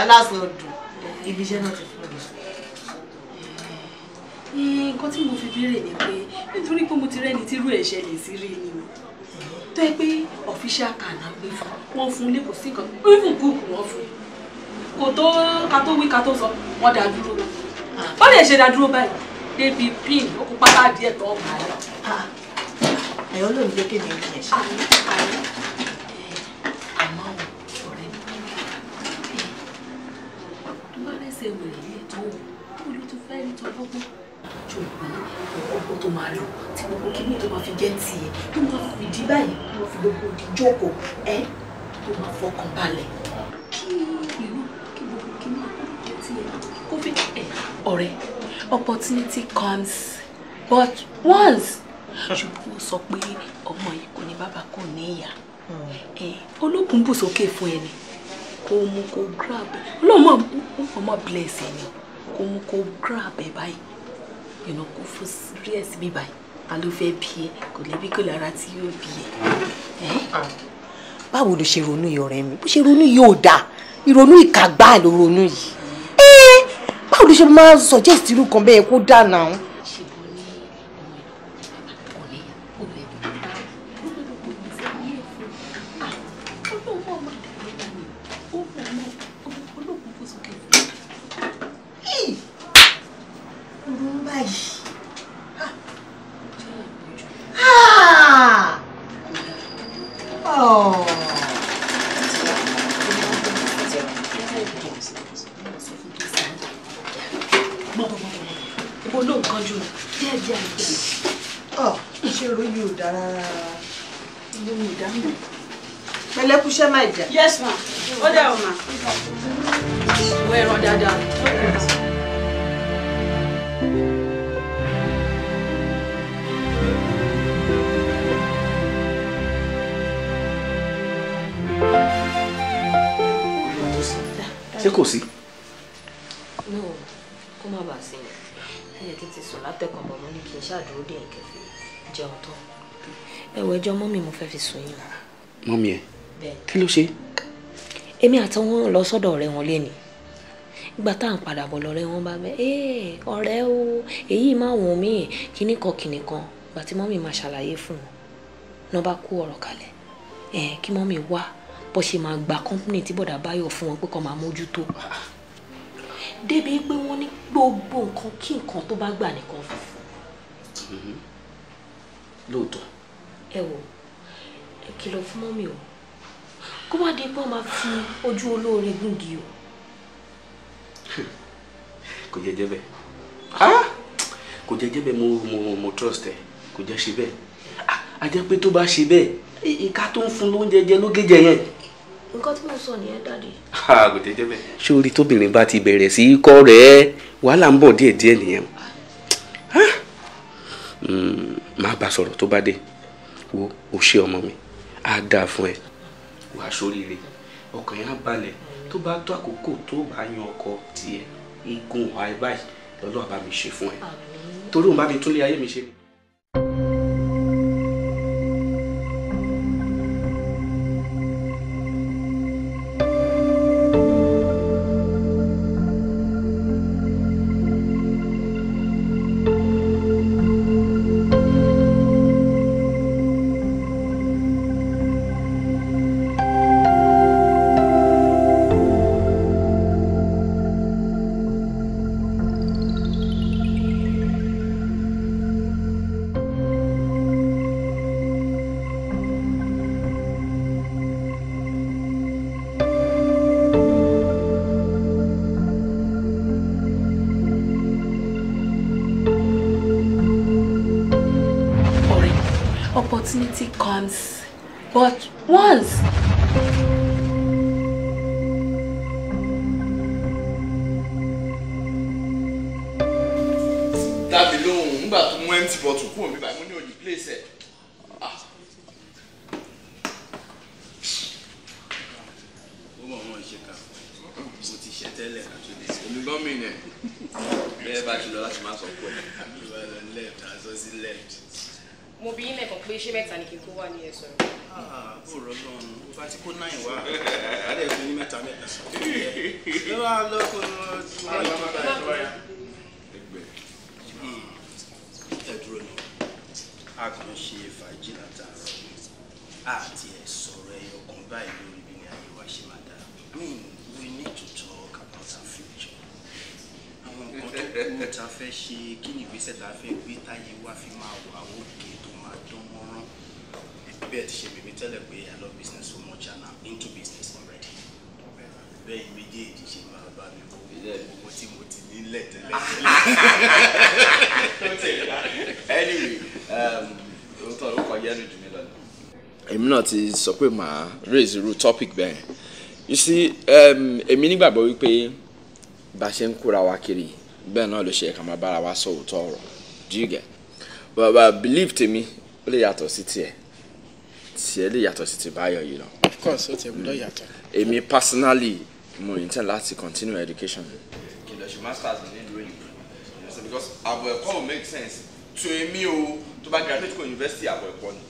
aláṣọdù ibi iṣẹ́ náà ti fún mi. nǹkan tí mo fi béèrè ni pé nítorí pé mo ti rẹ́ni tírú ẹ̀ ṣẹlẹ̀ sí rí ni tó yẹ pé ọ̀fíṣà kànáà gbé fún wọn fún lẹ́kọ̀ọ́ sí kan even cook wọn fún kò tó ká tó wí ká tó sọ wọn dá dúró wọn lè ṣe dá dúró báyìí débi pin ó kó pátá díẹ̀ tó ọ̀gá rẹ̀. ẹ̀yọ́ ló ń jẹ́ kéde ní ẹ̀ṣẹ̀. ṣe wèrè ní ẹ̀tọ́ wò ó ló ti fẹ́ nítorí gbogbo jò pé tó máa lò tí gbogbo kí ní tó máa fi jẹ́ tiẹ̀ tó máa fi di báyìí tó máa fi gbogbo di jókòó ẹ tó máa fọkàn balẹ̀ kí ìlú kí gbogbo kí ní tó jẹ́ tiẹ̀ kó fi ọ̀rẹ́ opportunity comes but once ṣùgbọ́n sọ pé ọmọ yìí kò ní bàbá kò ní ìyá hmm. olókùn bùsókè fún ẹni kó mú kó grab ẹ ọlọ́run máa bless ẹ ni kó mú kó grab ẹ báyìí ìnà kó fún rí ẹ síbí báyìí ta ló fẹ́ bí ẹ kò lébi kò lára tí yóò bí ẹ. Ah. báwo ló ṣe ronú yìí ọ̀rẹ́ mi bó ṣe ronú yìí ò dáa ìrònú ìkàgbá ló ronú yìí báwo ló ṣe máa suggest irú kan bẹ́ẹ̀ kó dáa ọ oh, ìṣòro yóò dá rárá ilé mi ìdá mi pẹ̀lẹ́kùṣẹ́ máa jà. yes ma ó dẹ̀ ọ̀ ma ìwé ẹran dáadáa. ṣé kò sí. no kó má bàa sí i kí n ti sùn látẹ̀kàn bọ̀ mo ní kí n ṣàdúró dé nǹkan fi jẹun tán ẹwọ ẹjọ́ mọ́mì mo fẹ́ fi sùn yín lára. mọ́mì ẹ kí ló ṣe. èmi àtàwọn lọ sọ́dọ̀ ọ̀rẹ́ wọn lé ni ìgbà tá à ń padà bọ̀ lọ́rẹ́ wọn bá bẹ́ ẹ́ ọ̀rẹ́ o èyí máa wùn mí kíní kan kíní kan ìgbà tí mọ́mì máa ṣàlàyé fún wọn náà bá kó ọ̀rọ̀ kalẹ̀ ẹ̀ kí mọ́mì wá bó ṣe máa gba kọ́ńpìnì tí bọ̀dà báyọ̀ fún wọn pé kó máa mójútó débi pé wọ́n ní gbogbo nǹkan kí nǹkan tó bá gbà nìkan fùfú. Mm-hmm. lóòótọ́. ẹ wo ẹ kìlọ̀ fún mọ́mì o kó má di pé wọ́n máa fi ojú olóore gúngi o. kò jẹ́ jẹ́ bẹ́ẹ̀ ah! kò jẹ́ bẹ́ẹ̀ mo mo mo trust ẹ kò jẹ́ ṣe bẹ́ẹ̀ ah! a jẹ́ pé tó bá ṣe bẹ́ẹ̀ ìka tó ń fún lóúnjẹ jẹ ló yẹn nǹkan tí mo sọ nìyẹn dáàdi. kò tẹ́ jẹ́ bẹ́ẹ̀. sórí tóbìnrin bá ti bẹ̀rẹ̀ sí í kọ́ rẹ̀ wàhálà ń bọ̀ díẹ̀díẹ̀ nìyẹn hmm, má bá sọ̀rọ̀ tó bá dé wo o ṣe ọmọ mi á dáa fún ẹ wàá sóríire ọkàn yẹn á balẹ̀ tó bá tó àkókò tó bá yan ọkọ tiẹ̀ igun ọ̀hà ẹ báyìí lọ́lọ́ọ̀ bá mi ṣe fún ẹ torí òun bá mi tún lé ayé mi ṣe ni. iṣẹ́ tẹ́lẹ̀ èmi gómìnà bẹ́ẹ̀ bá ti lọ láti má sọ pé. Ìbàdàn left aṣọ sí left. mo bí yín lẹ́kàn pé ṣé mẹ́ta ni kí n tó wà ní ẹ̀sọ́ rẹ̀. Ah, ó rọ lọ́run ó bá ti kó náì wá adé fún ní mẹ́ta mẹ́ta sọ. lọ́wọ́ lọ́kùnrin ọ̀sùn máa ń bá bàbá ẹ̀ lọ́yà. ẹ dúró náà a kàn ṣe fàájì látàárọ̀ àti ẹ̀ sọ̀rọ̀ ẹ̀yọkàn báyìí lórí bí ní ayé wa ṣe máa dára. nǹkan tó fẹ́ ṣe kí ni ìgbésẹ̀ tá fẹ́ gbé táyé wá fi máa wà òkè tó máa dán mọ́rán bẹ́ẹ̀ ti ṣe bèbí tẹ́lẹ̀ pé I love business so much and I'm into business already bẹ́ẹ̀ méjèèjì ṣe máa bá mi wo owó tí mo ti nílẹ̀ tẹ́lẹ̀ tẹ́lẹ̀ ah. anyway um, òótọ́ ló kọjá ní jù mí lọ. èmi náà ti sọ pé màá raise irú topic bẹ́ẹ̀ you see um, èmi nígbàgbọ́ wípé bá a ṣe ń kóra wa kiri bẹ́ẹ̀ náà ló ṣe ká máa bára wa sọ òótọ́ ọ̀rọ̀ do you get but but believe tèmi ó lè yàtọ̀ sí tiẹ̀ tiẹ̀ lè yàtọ̀ sí ti báyọ̀ yìí lọ. of course ó ti gbọ́dọ̀ mm. yàtọ̀. èmi personally mo intend láti continue education. kìlọ̀ ṣe masters ní ìlú òyìnbó because àbọ̀ ẹ̀kọ́ ò make sense to èmi o tó bá graduate kó university àbọ̀ ẹ̀kọ́ ni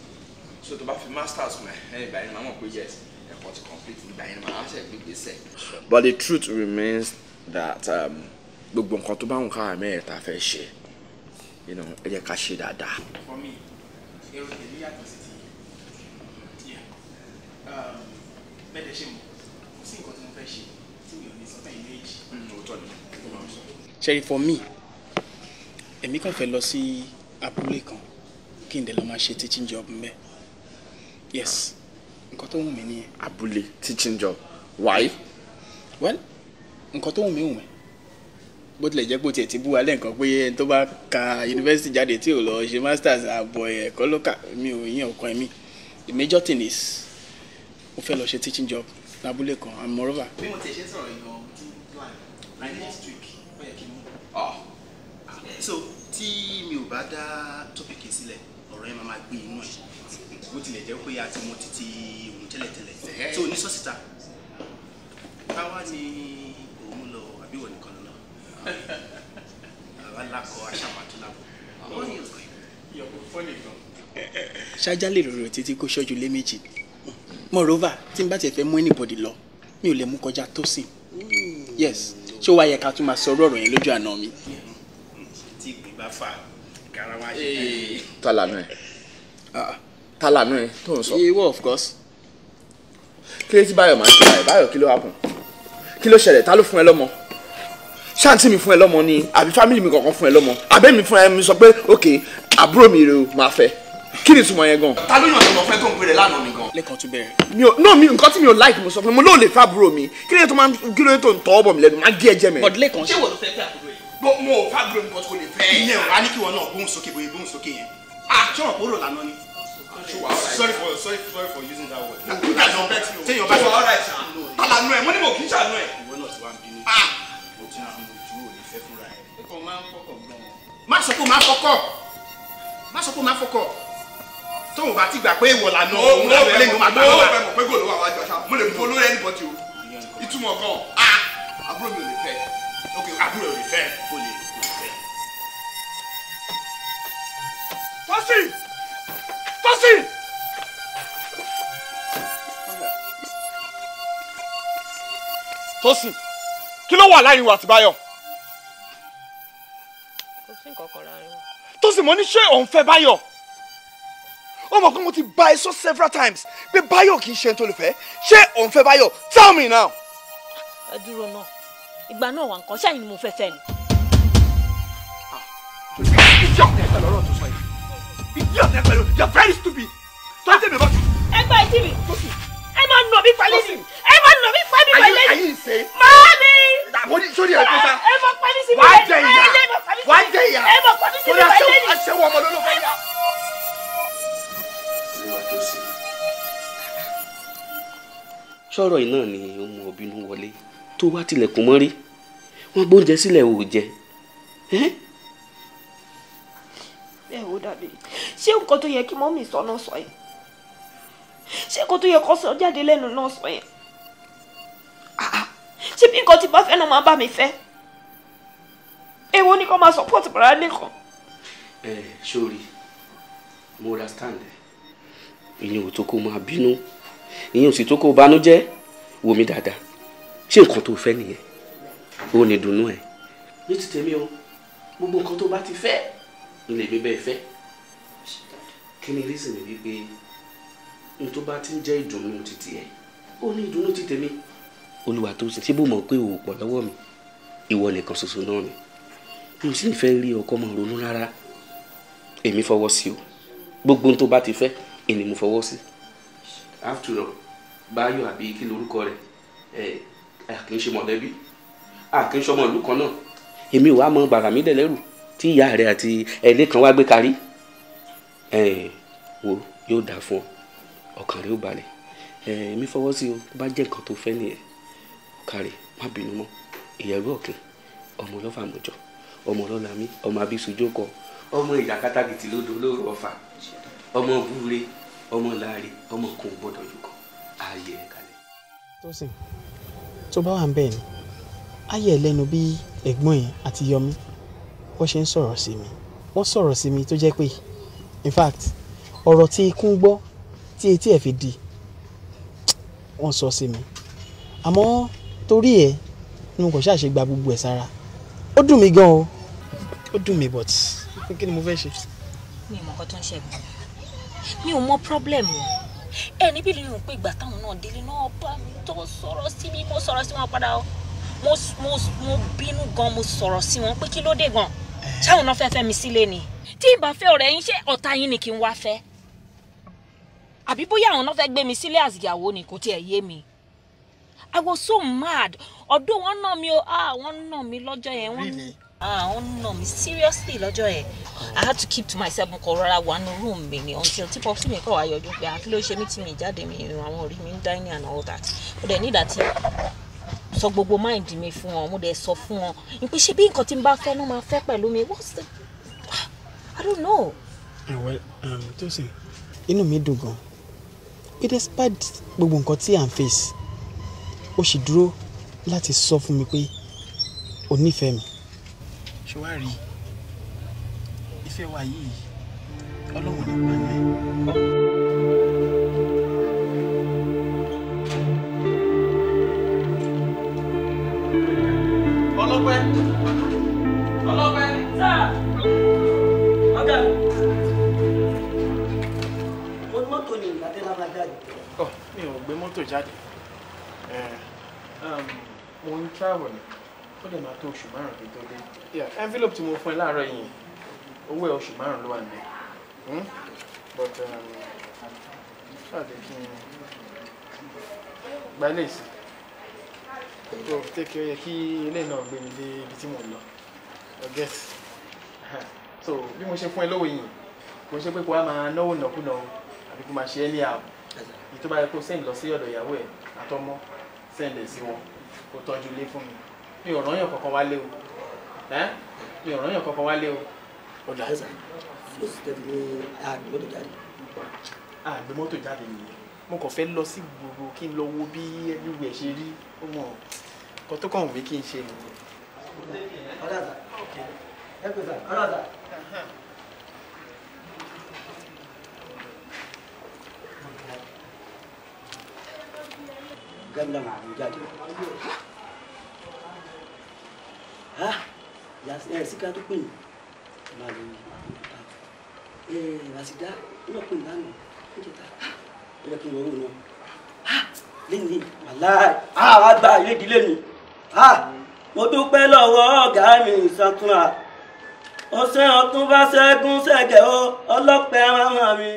so tó bá fi masters mọ̀ ẹ̀ ìgbà yẹn máa mọ̀ pé yes ẹ̀kọ́ ti complete ìgbà yẹn máa ṣe gbígbèsè. but the truth remains that. Um, gbogbo nǹkan tó bá ń káwá mẹ́rin fẹ́ ṣe ẹ jẹ́ ká ṣe dáadáa. Um, mọ́mí èrò mi ò ní hmm, for me èmi kàn fẹ́ lọ sí abúlé kan kí n dẹ̀ lọ máa ṣe teaching job mbẹ́ yes nǹkan tó wù mí nìyẹn. abúlé teaching job why. well nǹkan tó wù mí wù mí bó tilẹ̀ jẹ́ pé o tiẹ̀ ti bú wa pé ẹni tó bá ka yunifásitì jáde tí ò lọ ṣe masters àbọ̀ ẹ̀kọ́ lókà mi ò yín ọ̀kan mi the major thing is mo fẹ́ lọ ṣe teaching job lábúlé kan and moreover. bí mo ti ṣe sọ̀rọ̀ yìí gan-an ti plan i next week ó yẹ kí n mú. Ah. so tí mi ò bá dá tọ́pìkì sílẹ̀ ọ̀rọ̀ yẹn máa máa gbé inú ẹ̀ bó tilẹ̀ jẹ́ pé a ti mọ òun tẹ́lẹ̀tẹ́lẹ̀ so ní sọ́sítà báwa ni alákọ̀ aṣàmàtúnàbọ̀ ṣájá lè rọrọ títí kó ṣọ́jú lé méjì moreover tí n bá tiẹ̀ fẹ́ mú anybody lọ mi ò lè mú kọjá tó sìn yes ṣé wàá yẹ ká tún máa sọ ọ̀rọ̀ yẹn lójú àná mi. tí ìgbín bá fà garawa ṣe. ta ẹ ta lànà ẹ tó ń sọ. ìwọ eh, of course. kí ló ti báyọ̀ máa ń ṣe báyọ̀ kí ló happen kí ló ṣẹlẹ̀ ta ló fún ẹ lọ́mọ ṣáǹtì mi fún ẹ lọ́mọ ni àbí fámìlì mi kankan fún ẹ lọ́mọ àbẹ́ mi fún ẹ mi sọ pé ok àbúrò mi rè o máa fẹ́ kí ni ìtumọ̀ yẹn gan. ta ló yàn tó mọ fẹ́ tó ń pèrè lánàá mi gan. lẹ́kàn tún bẹ̀rẹ̀. mi ò no mi nǹkan tí mi ò like mo sọ fún mi mo lóò lè fẹ́ àbúrò mi kí ló yẹ tó máa kí ló yẹ tó ń tọ́ ọ̀bọ̀ mi lẹ́nu máa gé ẹ̀jẹ̀ mi. bọ̀dé lẹ́kàn ṣé wọ́n ló fẹ́ fẹ́ àbúrò yẹn. bó mo ò fẹ́ àbúrò mi bọ́ tó lè fẹ́. ìyẹn ò wá ní kí wọn náà gbóhùn sókè bóyá gbóhùn sókè yẹn. ah ṣé wọn kò rò lánàá ni. sorry for sorry sorry for using that word. ṣé yóò bá ṣe ọkọ máa ń fọkọ̀ gan. má sọ pé o máa fọkọ̀ má sọ pé o máa fọkọ̀ tóun bá ti gbà pé ìwọ lànà òun làwọn eléyìí ló máa gbà lọ́wọ́. mo fẹ́ mọ̀ pé gòlò àwọn àjọ ṣá mo lè fún olórí ẹni bọ́tì o ìtumọ̀ kan ah! àbúrò mi ò lè fẹ́ àbúrò mi fẹ́ o lè fẹ́. tọ́sí tọ́sí. tọ́sí kí ló wà láàrin wa àti tó sì mọ ní ṣé òun fẹ́ báyọ̀ ó mọ̀ pé mo ti bá ẹ sọ several times pé báyọ̀ kì í ṣe ẹni tó lè fẹ́ ṣé òun fẹ́ báyọ̀ tell me now. ẹ dúró náà ìgbà náà wà nǹkan ṣáà ni mo fẹ́ fẹ́ ni. Ah. ìjọ ọ̀tẹ̀ lọ́rọ̀ tó sọ yìí ìjọ ọ̀tẹ̀ pẹ̀lú you are very stupid tó ń tẹ̀lé bá ẹ máa nà mí pálí ni ẹ máa nà mí pálí pálí ni máa ní. àbórí sórí ẹ kó sa ẹ máa pálí sí mi wàá jẹ ìyá wàá jẹ ìyá ẹ máa pálí sí mi pálí ni. aṣẹ́wó ọmọ ló ló fẹ́ yà. sọ̀rọ̀ yìí ni ó mú wọlé tó wá tilẹ̀kùn mọ́rí wọ́n gbóúnjẹ sílẹ̀ ò jẹ bẹ́ẹ̀ ó dàbí ṣé nǹkan tó yẹ kí mọ́mì sọ náà sọ yìí ṣé kó tó yẹ kó sọ jáde lẹ́nu náà sọ yẹn ah, ah. ṣé bí nǹkan tí bá fẹ́ náà máa bá mi fẹ́ èwo ni kó máa support bàrà nìkan. ẹ sori mo understand ìyẹn ò tó kó máa bínú ìyẹn ò sì tó kó banújẹ́ wò mí dáadáa ṣé nǹkan tó fẹ́ nìyẹn ó ní dùnnú ẹ ní ti tèmi o gbogbo nǹkan tó bá ti fẹ́ ń lè mi bẹ́ẹ̀ fẹ́ kí ni reason mi wípé ní tó bá ti ń jẹ́ ìdùnnú títí ẹ̀ ó ní ìdùnnú títí mi. olúwa tó ṣe síbò mọ̀ pé òòpọ̀ lọ́wọ́ mi ìwọ nìkan ṣoṣo náà ni mi sì fẹ́ rí ọkọ mọ̀ ronú rárá èmi fọwọ́ sí o gbogbo tó bá ti fẹ́ èmi mo fọwọ́ sí. after all báyọ̀ àbí kí lorúkọ rẹ̀ ẹ̀ kì í ṣe mọ̀lẹ́bí àkì í ṣọmọ ìlú kan náà èmi ò wá mọ bàrà mi dẹ̀lẹ́rù tí ìyá rẹ̀ àti ẹ̀lẹ́ kan wá gbé karí ẹ̀ wo yóò dà fún ọ ọkàn rẹ ó balẹ̀ èmi fọwọ́ sí o bá jẹ́ nǹkan tó fẹ́ nìyẹn ọ̀kàrẹ̀ má bínú mọ́ ìyẹ̀rú ọ̀kẹ́ ọmọ lọ́fà mọ̀jọ ọmọ lọ́làmí ọmọ abisujókọ ọmọ ìyá kátàkìtì lódò olóró ọfà ọmọ búre ọmọ láàrin ọmọ kò gbọdọ̀ yòókọ̀ ààyè ẹ̀ kalẹ̀. tósìn tó bá wà ń bẹ́ẹ̀ ni ayé ẹ̀ lẹ́nu bí ẹ̀gbọ́n yẹn àti yọmí wọ́n ṣe ń sọ̀rọ̀ sí mi wọ́n sọ̀rọ̀ sí mi tó jẹ́ pé in fact ọ̀rọ̀ tí ikú ń gbọ́ tí etí ẹ̀ fi di wọ́n sọ sí mi àmọ́ torí ẹ̀ ni mo kàn ṣáà ṣe gba gbogbo ẹ̀ sára ó dùn mí gan o ó dùn mí but kí ni mo fẹ́ ṣe. mi ò mọ nǹkan tó ń ṣẹ̀gbọ́n mi ò mọ problem o ẹni bí lóyún pé ìgbà táwọn náà délé náà bá mi tó sọ̀rọ̀ sí mi mo sọ̀rọ̀ sí wọn padà mo mo mo bínú gan mo sọ̀rọ̀ sí wọn pé kí ló dé gan eh. ṣáwọn náà fẹ́ fẹ́ mi sílé ni tí ìbá fẹ́ ọ̀rẹ́ yín ọ̀tá yín ni kí n wá fẹ́ àbí bóyá àwọn náà fẹ́ gbé mi sílé àsìyàwó ni kò tiẹ̀ yé mi i was so mad ọdún wọn nà mí o ah wọn nà mí lọ́jọ́ yẹn wọn ah wọn nà mí seriously lọ́jọ́ yẹn i had to keep to myself mo kọ rọra wà nù room mi ni until tí pọfú mi kọ wá yọjú pé àfi ah, ló ṣe mí tí mi jáde mi ìrìn àwọn òrí mi ń dání and all that ó dẹ̀ nígbà tí sọ gbogbo mind mi fún wọn mo dẹ̀ sọ fún wọn ìpè ṣe bí nǹkan tí n bá fẹ́ ló máa fẹ́ pẹ̀lú mi what's the i don't know. ẹ wẹ tó sì inú mi dùn gan It despite gbogbo nǹkan tí à ń face O sì dúró láti sọ fún mi pé o nífẹ̀ẹ́ mi. ṣé wàá rí ìfẹ́ wa yìí ọlọ́run ní pàmò ẹ̀. ọlọ́pẹ́ ọlọ́pẹ́ sáà ọ̀gá ni ìgbà tẹ́lá máa jáde. ọ oh, mi ò gbé mọ́tò jáde eh, um, mo ń travel ni ó lè máa tó oṣù márùn-ún tó dé envelope tí mo fún ẹ láàárọ̀ yìí owó ẹ oṣù márùn-ún ló wà níbẹ̀ hmm? but um, ṣáàdé kí n gba ilé ìsìn tó tẹ́kẹ́ ó yẹ kí ilé náà gbé mi dé ibi tí mo lọ ọ̀gẹ́t so bí mo ṣe fún ẹ lówó yìí kò ṣe pé kó wá máa náwó nàkúnà o àbí kó máa ṣe ẹ́ ní ààbò èyí tó bá yẹ kó send lọ sí ọ̀dọ̀ ìyàwó ẹ̀ àtọmọ send ẹ̀ sí wọn kó tọ́jú ilé fún mi mi ò rányàn kankan wá lé o mi ò rányàn kankan wá lé o. ọ̀dà ẹ̀sà ló sì tẹ̀lé ní àgbẹ̀ mọ́tò jáde. àgbẹ̀ mọ́tò jáde nìyẹn mo kàn fẹ́ lọ sí gbogbo kí n lọ wo bí ẹgbẹ́ ṣe rí ọmọ kan tó kàn wí kí n ṣe nìyẹn. ọ̀dà ẹ̀sà ẹ̀kọ́ ẹ̀sà ọ̀dà ẹ̀sà. gánà àrùn jáde ha ẹ síkà tó pè ní màá lè ẹ àsìdá wọn pè ní lánàá ó jẹ ta ẹ lẹkùn lọrùn náà ha lẹ́yìn wàláì àwọn àgbà ilé ìdílé mi ha mo dúpẹ́ lọ́wọ́ ọ̀gá mi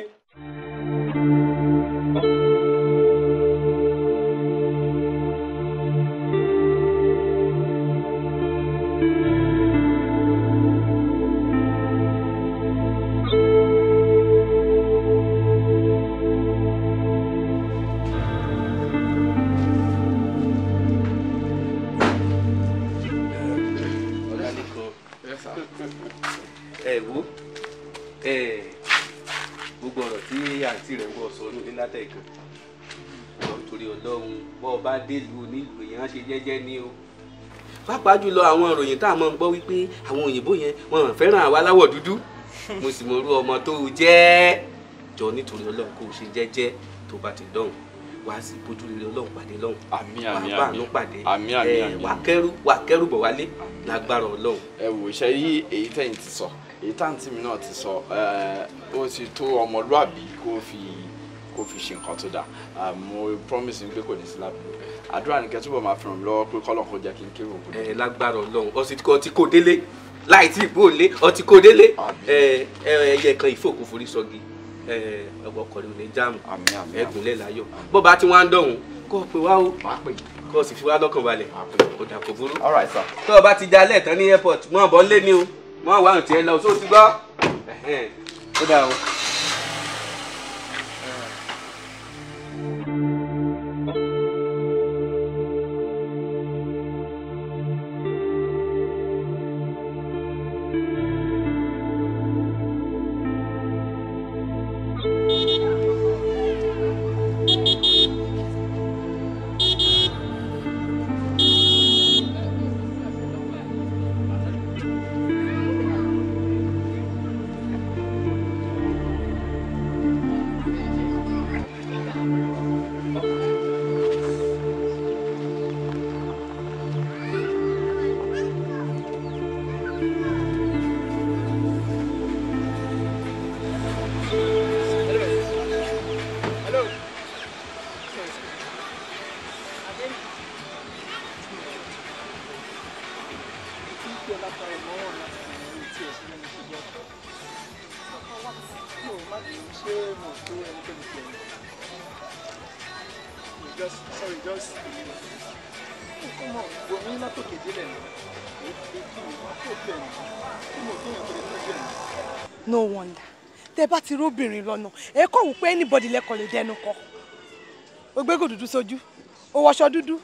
pàápàá jùlọ àwọn ìròyìn tá a mọ̀ ń wípé àwọn òyìnbó yẹn wọn ò àwa láwọ̀ dúdú mo sì mọ orú ọmọ tó jẹ́ jọ nítorí ọlọ́run kó ṣe jẹ́jẹ́ tó bá ti dọ̀hùn wá sí bójú rere ọlọ́run pàdé lọ́hùn wàá àánú pàdé wàá kẹ́rù wàá kẹ́rù bọ̀ wálé lágbára ọlọ́run. ẹ wò ṣe yí èyí tẹ̀yìn ti sọ èyí táǹtì mi náà ti sọ ó ti tó ọmọlúàbí kó fi kó fi ṣe nǹkan tó dáa mo promise pé kò ní sí lábẹ́ àdúrà nìkẹ́ túbọ̀ máa fẹ́ràn mi lọ́wọ́ pé kọ́lọ̀ kò jẹ́ kí n kírun. ẹ lágbára Ọlọ́run ọtí kò délé láì tí ìbò lé ọtí kò délé ẹyẹ kan ìfòkù forí sọgi ọgbọ kọrin ní jáàmù ẹgúnlẹ̀ láyọ̀ bó bá ti wá ń dọ̀hún kó o pè wá o kó o sì fi wá lọ́kàn balẹ̀ kò dà kò burú. tó o bá ti jalè tán ní airport mọ̀ bọ́ lé ni o mọ̀ wá ǹtí ẹ lọ sóò gbọ́. ó dà o. tẹ bá ti róbìnrin lọ́nà ẹ kọ́ wù pé anybody lẹ́kọ̀ọ́ lè dẹnu kọ ó gbégò dúdú sójú ó wọṣọ dúdú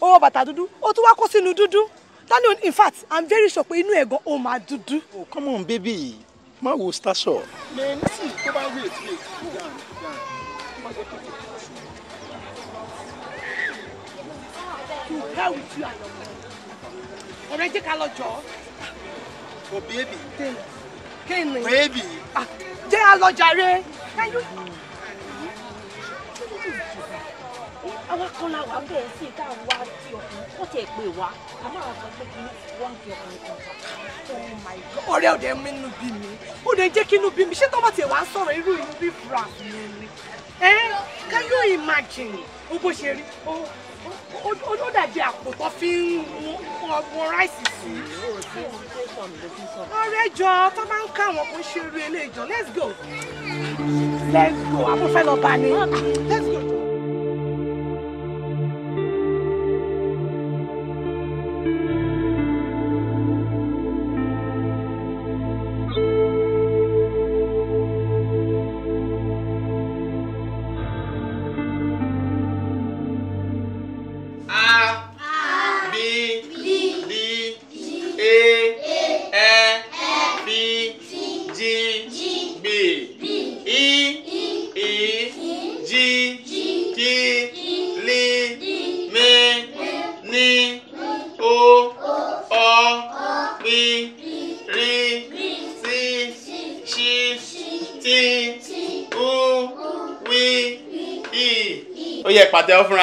ó wọ bàtà dúdú ó tún wá kó sínú dúdú tani in fact i'm very sure pé inú ẹ̀ gan ó máa dúdú. o oh, come on baby má wo station. mẹ́rin sì tó bá wait wait kúrò dáhùn. hell you and your mom. Ọ̀rẹ́ jẹ́ ká lọ jọ. For oh, baby. Kí Baby. Ah jẹ́ àlọ́jàre. àwa kan la wà bẹ́ẹ̀ sí ká wá tí ọkùnrin kó tiẹ̀ pè wá àmọ́ àwọn sọ pé kí wọ́n ń fi ọkùnrin kan fà. Oh ọ̀rẹ́ ọ̀dẹ̀ mi nù bí mi ó lè jẹ́ kí inú bí mi ṣé tọ́mọ̀ tiẹ̀ wá sọ̀rọ̀ irú inú bí fura mi ni. ẹ can you imagine o bó ṣe rí o ó dàbí àpò tó fi ń wọ ráìsì sí i. Oh, ọ̀rẹ́ jọ tó máa ń ká àwọn ṣe eré ilé let's go let's go àbúfẹ́ lọ bá ní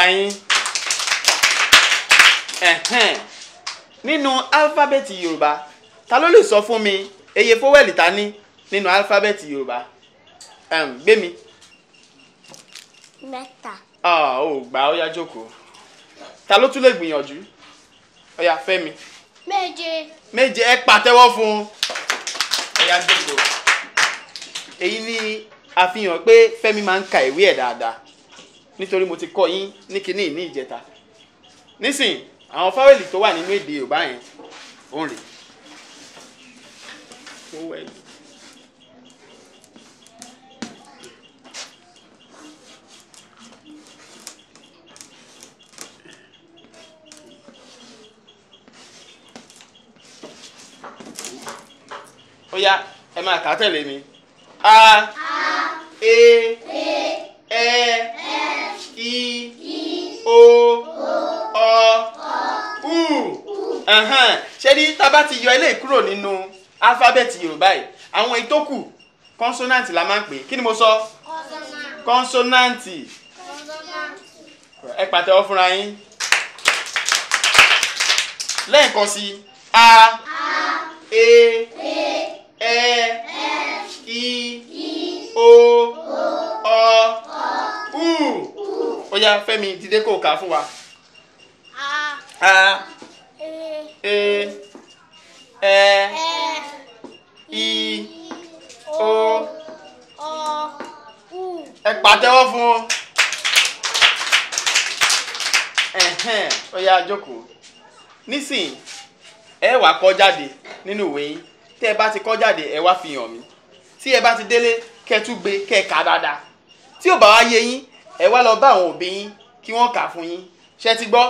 fúnra yín nínú álífábẹ́ẹ̀tì yorùbá ta ló lè sọ fún mi eye fówẹ́lì ta ní nínú álífábẹ́ẹ̀tì yorùbá gbémi. mẹ́ta. ọ̀ ò gbà ó yá jókòó ta ló tún lè gbìyànjú ó yá fẹ́mi. méje. méje ẹ pàtẹ́wọ́ fún un ó èyí ni àfihàn pé fẹ́mi máa ń ka ìwé ẹ̀ dáadáa nítorí mo ti kọ́ yín ní kinní ní ìjẹta nísìn àwọn fáwẹ́lì tó wà nínú èdè yorùbá yẹn ó ń rè ó yá ẹ máa kà á tẹ̀lé mi a e e ẹ. E, i, I o ọ u ṣe rí tá a bá ti yọ eléyìí kúrò nínú alifábẹ́ẹ̀tì yorùbá yìí àwọn ìtókù kọ́nsọ́nàǹtì la máa ń pè é kí ni mo sọ kọ́nsọ́nàǹtì ẹ pàtẹ́wọ́ fúnra yín lẹ́ẹ̀kan sí a e E. ó yá Fẹ́mi dìde kó kà fún wa. a a e ẹ e. e. e. i o O, u. ẹ pàtẹ́wọ́ fún un. ẹ̀hẹ́n ó yá jókòó nísìnyí ẹ wá kọ jáde nínú ìwé yín tẹ́ ẹ bá ti kọ jáde ẹ wá fi hàn mí tí ẹ bá ti délé kẹ́ tún gbé kẹ́ kà dáadáa tí ò bá wá yé yín ẹ wá lọ bá àwọn òbí yín kí wọ́n kà á fún yín ṣé ti gbọ́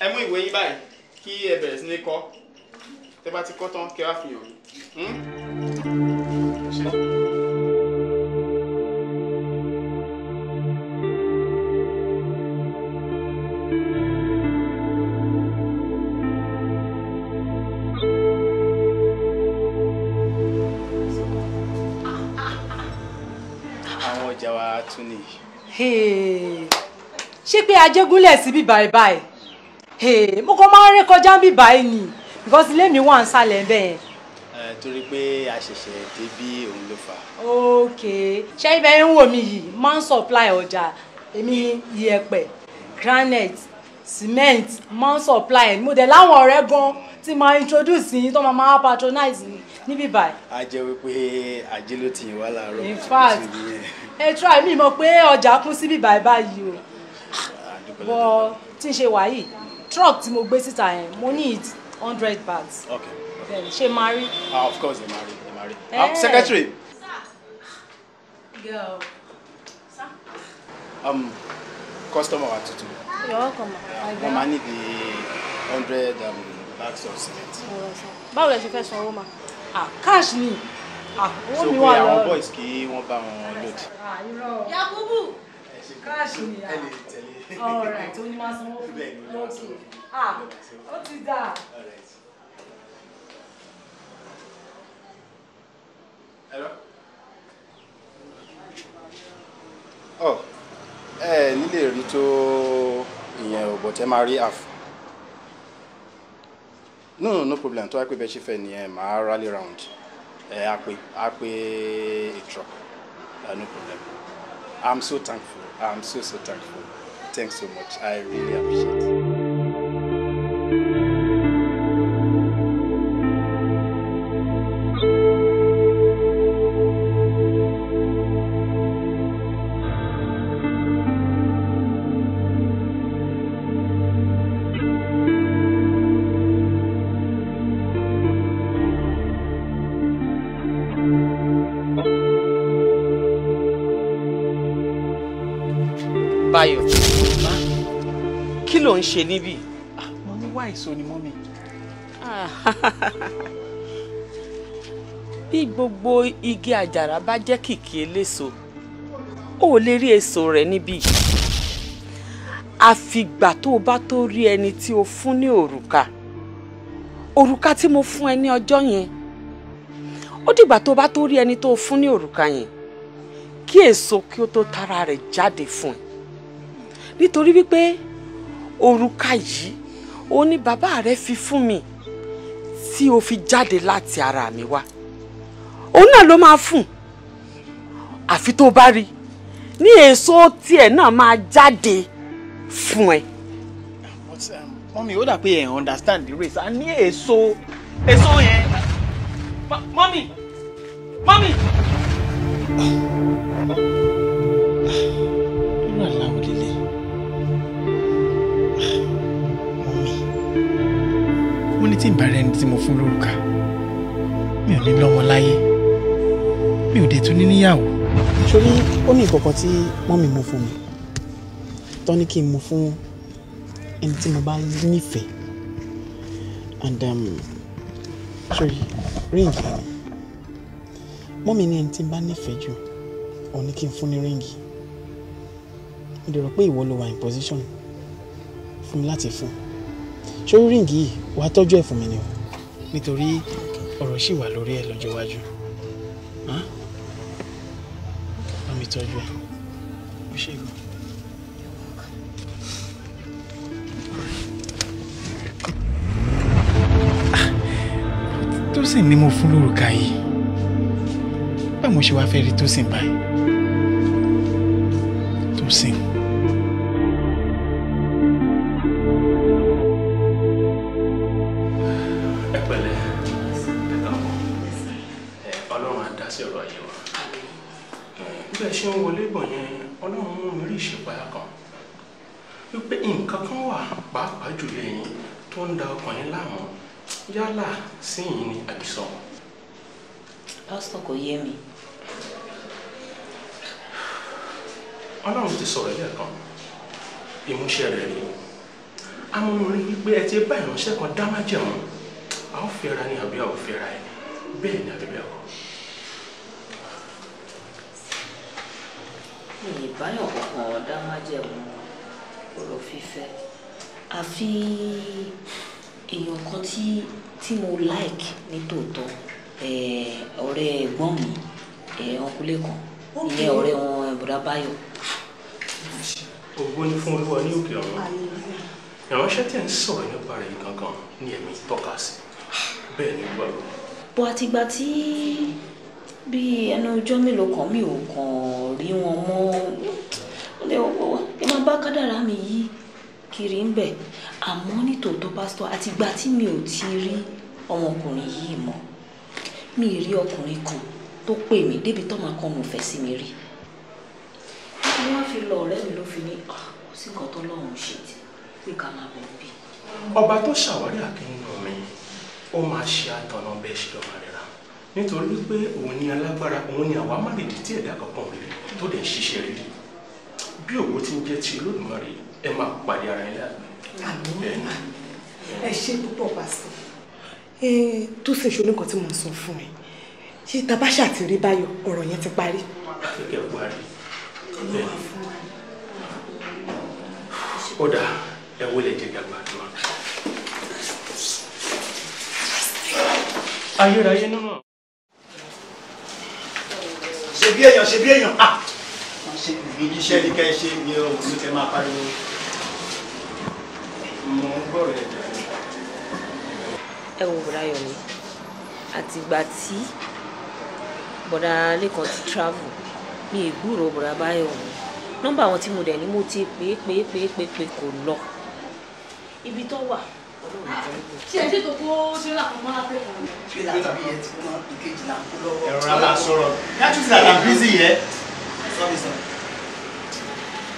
ẹ mú ìwé yín báyìí kí ẹ bẹ̀rẹ̀ sí ní kọ́ tẹ́ bá ti kọ́ tán kẹ́ wá fi hàn mí. Hmm? ṣé pé ajégúnlẹ̀ sí bí báyìí báyìí mo kàn máa ń rí kọjá bí báyìí ni because ilé mi wà ń sálẹ̀ bẹ́ẹ̀. torí pé a ṣẹ̀ṣẹ̀ débí òun ló fà. ok ṣé ibẹ̀ ń wò mí yìí máa ń supply ọjà èmi yẹ̀pẹ̀ granite cement máa ń supply ẹ̀ mo dẹ̀ láwọn ọ̀rẹ́ gan tí máa introduce yín tó máa máa patronize mi níbí báyìí. a jẹ́ wípé ajé ló ti yìn wá láàárọ̀. in fact ẹ try mi mọ̀ pé ọjà kún síbí báyìí báyìí o bọ tí n ṣe wàyí truck tí mo gbé síta yẹn mo need hundred bags. okay okay ṣe máa rí. ah of course ẹ máa rí ẹ máa rí. Eh. Ah, secretary. Girl. Sir. Um, customer wa tuntun. You're welcome. Wọ́n máa ní the hundred um, bags of cement. Báwo lẹ ṣe fẹ́ san owó ma? Ah, cash ni. Ah, owó mi wà lọ. So pé àwọn boys kí wọ́n bá wọn load. Yakubu, cash ni. Ẹ lè tẹ̀lé. Ọ̀rẹ́ tó ní máa sanwó fún mi lókè. Ah, ó ti dà. Hello? Oh, ẹ nílé rí tó ìyẹn ò bọ̀ máa rí àf. no no problem tó wá pé bẹ́ẹ̀ ṣe fẹ́ nìyẹn màá rally round ẹ á pé á pé a truck uh, no problem I am so thankful I am so so thankful thanks so much i really appreciate it. ń ṣe níbí ah, mo ní wá ìso ni mọ́mì. bí gbogbo igi àjàrà bá jẹ́ kìkì eléso ó lè rí èso rẹ̀ níbí àfìgbà tó o bá tó rí ẹni tí o fún ní òrùka òrùka tí mo fún ẹ ní ọjọ́ yẹn ó dìgbà tó o bá tó rí ẹni tó o fún ní òrùka yẹn kí èso kí o tó tara rẹ̀ jáde fún ẹ nítorí wípé òrùka yìí ó ní bàbá rẹ fi fún mi tí o fi jáde láti ara mi wá òun náà ló máa fún àfi tó bá rí ní èso tiẹ̀ náà máa jáde fún ẹ. mọ́mí um, ó dà pé ẹ̀ understand the race a ní èso èso yẹn mọ́mí mọ́mí. tí ìbára ẹni tí mo fún lórúkà mi ò ní lọ́mọ láyé mi ò dé tún ní níyàwó. ó ní ìkọ̀kọ̀ tí mọ́mì mú fún mi tọ́ ní kí n mú fún ẹni tí mo bá nífẹ̀ẹ́ and um, sórí ríǹgì ni mọ́mì ní ẹni tí n bá nífẹ̀ẹ́ jù òun ní kí n fún ní ríǹgì mo dẹ̀ rò pé ìwọ ló wà in position fún mi láti fún un sórí ríǹgì yìí wàá tọ́jú ẹ̀ fún mi ni o nítorí ọ̀rọ̀ ṣì wà lórí ẹ̀ lọ́jọ́ iwájú bá mi tọ́jú ẹ̀ ó ṣe é. Tósìn ni mo fún lórúkà yìí báwo ṣe wá fẹ́ rí Tósìn báyìí Tósìn. tó ń da láàmú yálà síyìn ni àbísọ. pásítọ̀ kò yé mi. ọlọ́run ti sọ̀rọ̀ lẹ́ẹ̀kan ìmúṣẹ rẹ̀ rí amúnurin wípé ẹ ti bá ìránṣẹ́ kan dá májẹ̀mú a ó ní àbí a ẹ bẹ́ẹ̀ ni àbí bẹ́ẹ̀ àfi èèyàn kan tí tí mo like ní tòótọ́ eh, ọ̀rẹ́ ẹ̀gbọ́n mi ọkùnrin eh, kan ìyẹn ọ̀rẹ́ wọn eh, bùrà báyọ̀. ògbó ni fún olúwa ní òkè ọ̀run ìránṣẹ́ tí ẹ̀ ń sọ̀rọ̀ nípa rẹ̀ gangan ni ẹ̀mí tọ́ka sí bẹ́ẹ̀ ni olúwa lọ. bó àtìgbà tí bí ẹnu ọjọ́ mélòó kan mi ò kàn rí wọn mọ́ ẹ máa bá kádàrá mi yìí kiri ń bẹ̀ àmọ́ nítòótọ́ pásítọ̀ àtìgbà tí mi ò ti rí ọmọkùnrin yìí mọ́ mi ì rí ọkùnrin kan tó pè mí débi tó máa kọ́ mo fẹ́ sí mi rí ni wọ́n fi lọ ọ̀rẹ́ mi ló fi ní ah, kò sí nǹkan tó lọ́hùn ṣe tí pé ká máa bẹ̀rù bí. ọba tó ṣàwárí àkínyìn mi ó máa ṣe àtọ̀nà bẹ́ẹ̀ ṣe lọ́wọ́ rẹ̀ rà nítorí wípé òun ni alágbára òun ni àwa má lè dìtí ẹ̀dá kankan rẹ̀ tó dẹ̀ ṣiṣẹ́ rere bí òwò ti ń jẹ́ ti Olódùmarè yìí ẹ máa pàdé ara yín láàbẹ̀. àmín ẹ ṣe púpọ̀ pàṣẹ tó ṣe ṣo nìkan tí mo sọ fún ẹ ṣé tabasha ti rí báyọ̀ ọ̀rọ̀ yẹn ti parí. ẹ parí ó dáa ẹ wọlé jẹ gàgbà tó wà. ayérayé náà. Ah! ṣe bí èèyàn ṣe bí èèyàn. ṣe bí iṣẹ́ ni kẹ́ ṣe ni òun ló fẹ́ máa pariwo mo ń gbọ́rọ̀ ẹ̀ ẹ wo bọ̀dá yọ̀mí àtìgbà tí bọ̀dá lẹ́kàn ti travel ní ìgbúrò bọ̀dá báyọ̀ mi nọ́mbà àwọn tí mo dẹ̀ ní mo ti pè é pè é pè é pè é pè kò lọ. ibi tó wà ṣe ṣe tó kó tírélà kan mọ́ra pé kò ní. tírélà bíi ẹ ti mọ ìkejì náà kó lọ́wọ́. ẹ̀rọ ara sọ̀rọ̀ yàtúntì àgbà bísí yẹ. sọ́bìsọ̀rọ̀.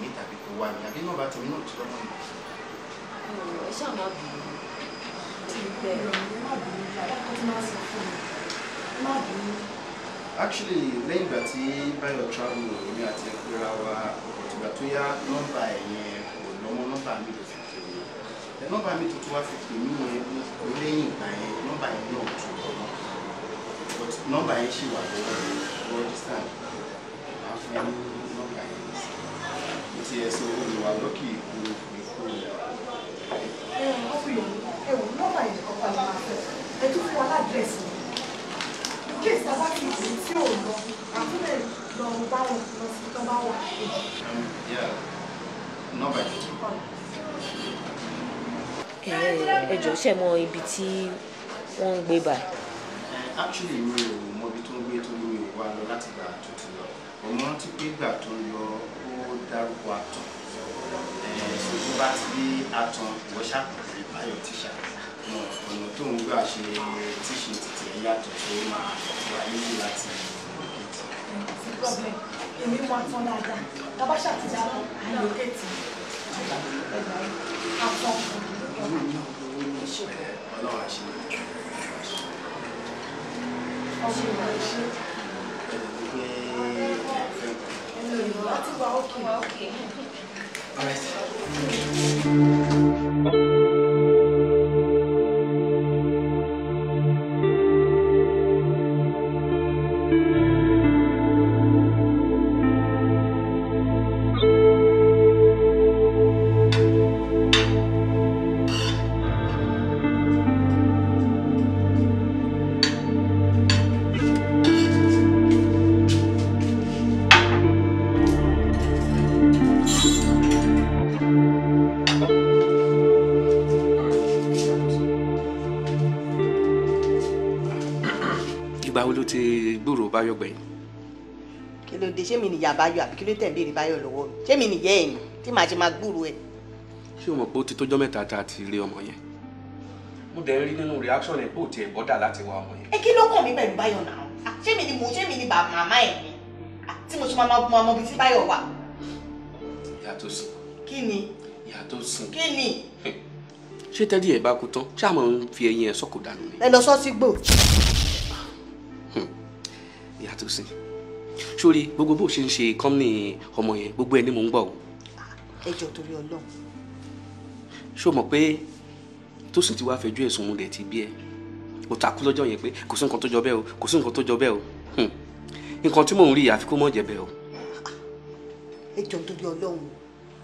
mi tàbí kó wá mi àbí nọ́mbà tèmi náà ti lọ́mọ mi. ẹ ṣáà má bínú bẹ̀rẹ̀ má bínú láti má sọ fún mi má bínú. actually lẹ́yìn ìgbà tí Báyọ̀ travel èmi àti ẹ̀kúra wa ìgbà tó yá nọ́mbà ẹ̀yẹn kò lọ́mọ nọ́mbà mi ló fi pè mí ẹ nọ́mbà mi tuntun wá fi pè mí yẹn lẹ́yìn ìgbà yẹn nọ́mbà yẹn náà tún lọ́mọ but nọ́mbà yẹn ṣì wà lọ́wọ́ mi lọ́wọ́ dísàn àfi ti ẹ so o lè wà lọ́kì ìkúrò ìkúrò. ẹ ẹ ọkùnrin ẹ wò nọ́mbà yìí kọ́kọ́ la máa fẹ́ ẹ tún fún wa ládírẹ́sì mi kí èsì bá ti dì tí ò lọ àtúnlẹ̀ lọ bá wọn lọ sí tó bá wà. nọ́mbà yìí. ẹ jọ ṣe mọ ibi tí wọ́n ń gbé bá. actually mi ò mọbi tó ń gbé tó ń gbé wa lọ láti gbà tuntun lọ ọmọ rántí pé gbà tó ń lọ dárúkọ àtàn tó bá ti rí àtàn ìwọ ṣàkóso báyọ̀ tíṣà ọ̀nà tó ń gbà ṣe tíṣe títí ẹ̀ yàtọ̀ tó máa wà nílé láti èmi mọ àtọ dáadáa tábà ṣàtijọ́ àyè òkèètì ẹgbà àtọ Ọlọ́run àṣẹ ọṣẹ ìwà ìṣe. Ó ti wà All right. báyọ̀ àbí kí ló tẹ̀ ń béèrè báyọ̀ lọ́wọ́ mi ṣé mi nìyẹ́ ẹ̀ ni tí màá ṣe máa gbúrò ẹ̀. ṣé o mọ̀ pé ó ti tójọ́ mẹ́ta tá a ti rí ọmọ yẹn mo dẹ̀ ń rí nínú reaction ẹ̀ pé ò tiẹ̀ bọ́dà láti wá ọmọ yẹn. ẹ kí ló kàn mí pẹ̀lú báyọ̀ náà ṣé mi ni mo ṣé mi ni bàbá màmá ẹ̀ ni tí mo ṣe máa mọ ọmọ bíi tí báyọ̀ wà. yàtọ̀ sí. kí ni. ṣé tẹ́lẹ̀ ẹ̀ bá kú tán ṣáà máa ń fi ẹyin ẹ̀ sọ́kò dànù ni. ẹ lọ sọ́ọ́ sí gbò. yàtọ̀ sí sórí gbogbo bó ṣe ń ṣe kọ́mìnì ọmọ yẹn gbogbo ẹ ní mò ń gbọ́ o. ẹ torí Ọlọ́run. ṣó mọ̀ pé Tósìn ti wá fẹjọ́ ẹ̀sùn mu dẹ̀ ti bí ẹ o takú lọ́jọ́ yẹn pé kò sí nǹkan tó jọ bẹ́ẹ̀ o kò sí nǹkan tó jọ bẹ́ẹ̀ o hmm. nǹkan tí mò ń rí àfi kó mọ̀ jẹ́ bẹ́ẹ̀ o. ẹ torí Ọlọ́run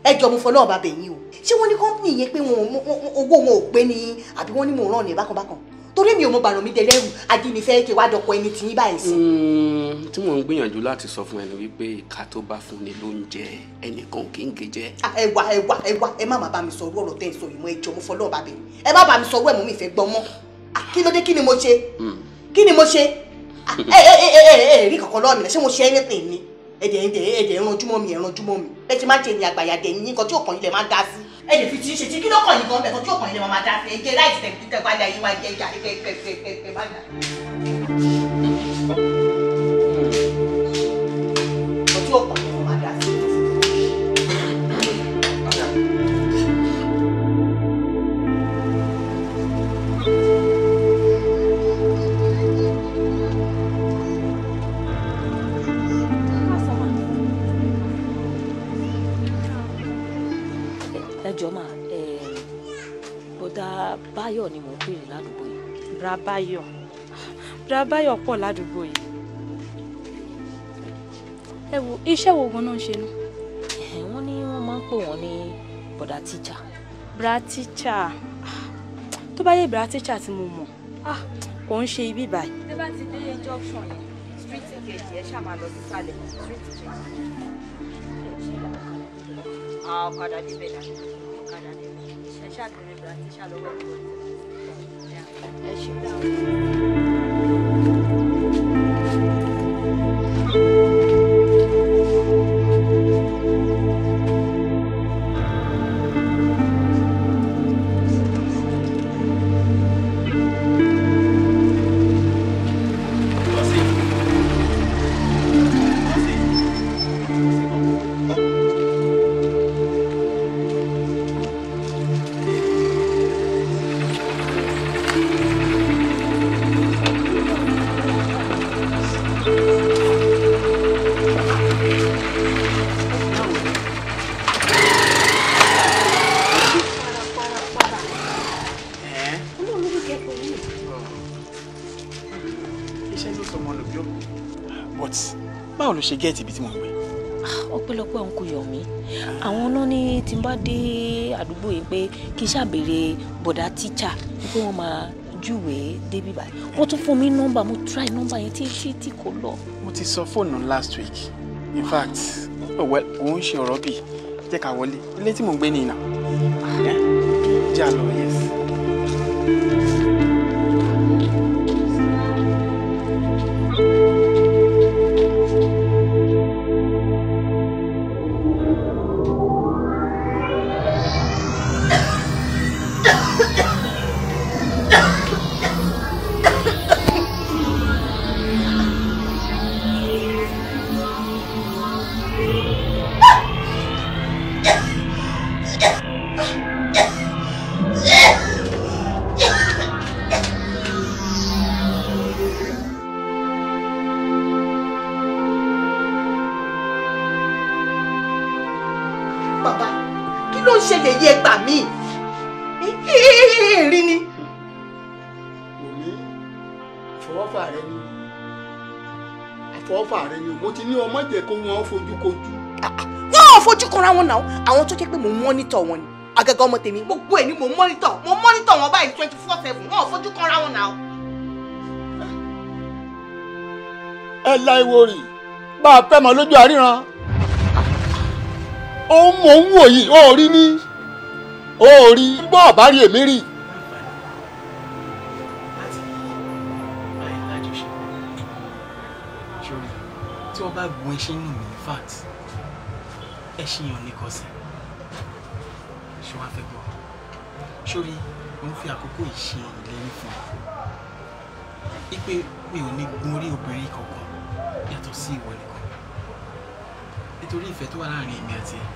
ẹ mo fọlọ́ọ̀ bá bẹ̀yìn o ṣé wọ́n ní kọ́ńpìnì yẹn pé owó wọn ò pé ni àbí wọ́n ní mò ń rán ni bákanbákan torí mi ò mọ bàrùn mi dẹlẹ́rù ajínigbé kí wàá dọ̀pọ̀ ẹni tí yín báyìí sí. Hmm, tí mò ń gbìyànjú láti sọ fún ẹni wípé ìka tó bá fún ni ló ń jẹ ẹnìkan kì í gé jẹ. ẹwà ẹwà ẹwà ẹ má má bá mi sọ orú ọ̀rọ̀ tẹ́ ẹ sọ yìí mọ́ mo fọlọ́ ọba ẹ má bá mi sọ orú ẹ̀ mi fẹ́ gbọ́n mọ́ ah, kí ló dé kí ni mo ṣe hmm. kí ni mo ṣe ah, ẹ ẹ ẹ ẹ ẹ rí kankan lọ́ọ̀ mi ṣé mo ṣe anything ni ẹ̀dẹ̀ ẹ̀dẹ̀ ẹ̀dẹ̀ ẹ̀ranjúmọ́ mi ẹ̀ranjúmọ́ mi ẹ ti má ṣe ní àgbàyàdẹ̀ yín nǹkan tí òkàn yìí lẹ̀ má ga sí ẹ lè fi tí ń ṣe tí kí ló kàn yín gan bẹ̀ tó tí ó kàn yín lè máa dá sí ẹjẹ láì tẹ̀ tẹ̀ wálé ayé wa jẹ́ ìjà kẹ́kẹ́kẹ́kẹ́ má dà. Báyọ̀ ni mò ń béèrè ládùúgbò yìí. Brabayọ̀ Brabayọ̀ pọ̀ ládùúgbò yìí. ẹ wo iṣẹ́ wo gan náà ń ṣe ni. wọ́n ní wọ́n máa ń pè wọ́n ní bọ̀dà tíjà. bra tíjà tó bá yẹ bra tíjà tí mo mọ̀ ah, kò ń ṣe ibi báyìí. ẹ bá ti dé junction yẹn street kejì ẹ ṣáà máa lọ sísàlẹ̀ street kejì. ọ̀kadà níbẹ̀ 楼下楼外楼，这样来青岛。báwo ló ṣe gẹ́ẹ̀tì ibi tí mo ń gbé. Ah, ọpẹ́lọpẹ́ òun kò yọ mí àwọn náà ní tí n bá dé àdúgbò yìí pé kí n ṣàbèrè bọ̀dá tíṣà pé wọ́n máa júwe débi báyìí wọ́n tún fún mi nọ́mbà mo try nọ́mbà yẹn títí tí kò lọ. mo ti sọ fóònù last week in fact oh òun ṣe ọ̀rọ̀ bíi jẹ́ ká wọlé ilé tí mò ń gbé nìyí náà ah, jẹ́ àlọ́ yẹ́sì. mọ́nítọ̀ wọn ni agẹ́gẹ́ ọmọ tèmi gbogbo ẹ̀ ni mo mọ́nítọ̀ mo mọ́nítọ̀ wọn báyìí twenty four seven wọn ò fojú kan ra wọn náà. ẹ la ìwo rì bá a fẹ́ mọ lójú àríran òun mò ń wò yìí ó rí ní ó rí bọ́ ọ̀bá rí èmi rí. tí wọ́n bá gun ẹṣin nù mí in fact ẹṣin yàn ni sórí mo ń fi àkókò yìí ṣe ìlérí fún ọ wípé mi ò ní gun orí obìnrin kankan yàtọ̀ sí ìwọ nìkan nítorí ìfẹ́ tó wà láàrin èmi àti ẹ̀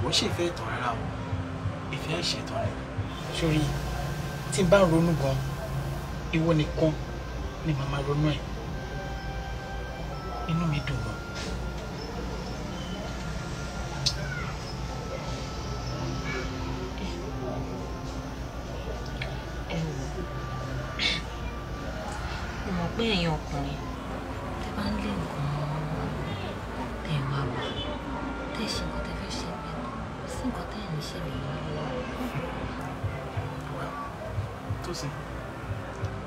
wọ́n ṣe ìfẹ́ ìtàn rárá o ìfẹ́ àìṣẹ̀tàn rẹ̀ sórí tí n bá ronú gan ìwọ nìkan ni màmá ronú ẹ̀ inú mi dùn gan. pé ẹ̀yin ọkùnrin tẹ bá ń lé nǹkan tẹ ń wá wá tẹ ṣe nǹkan tẹ fẹ́ ṣe pé sí nǹkan tẹ ẹ̀yin ṣe rè wá. tó sì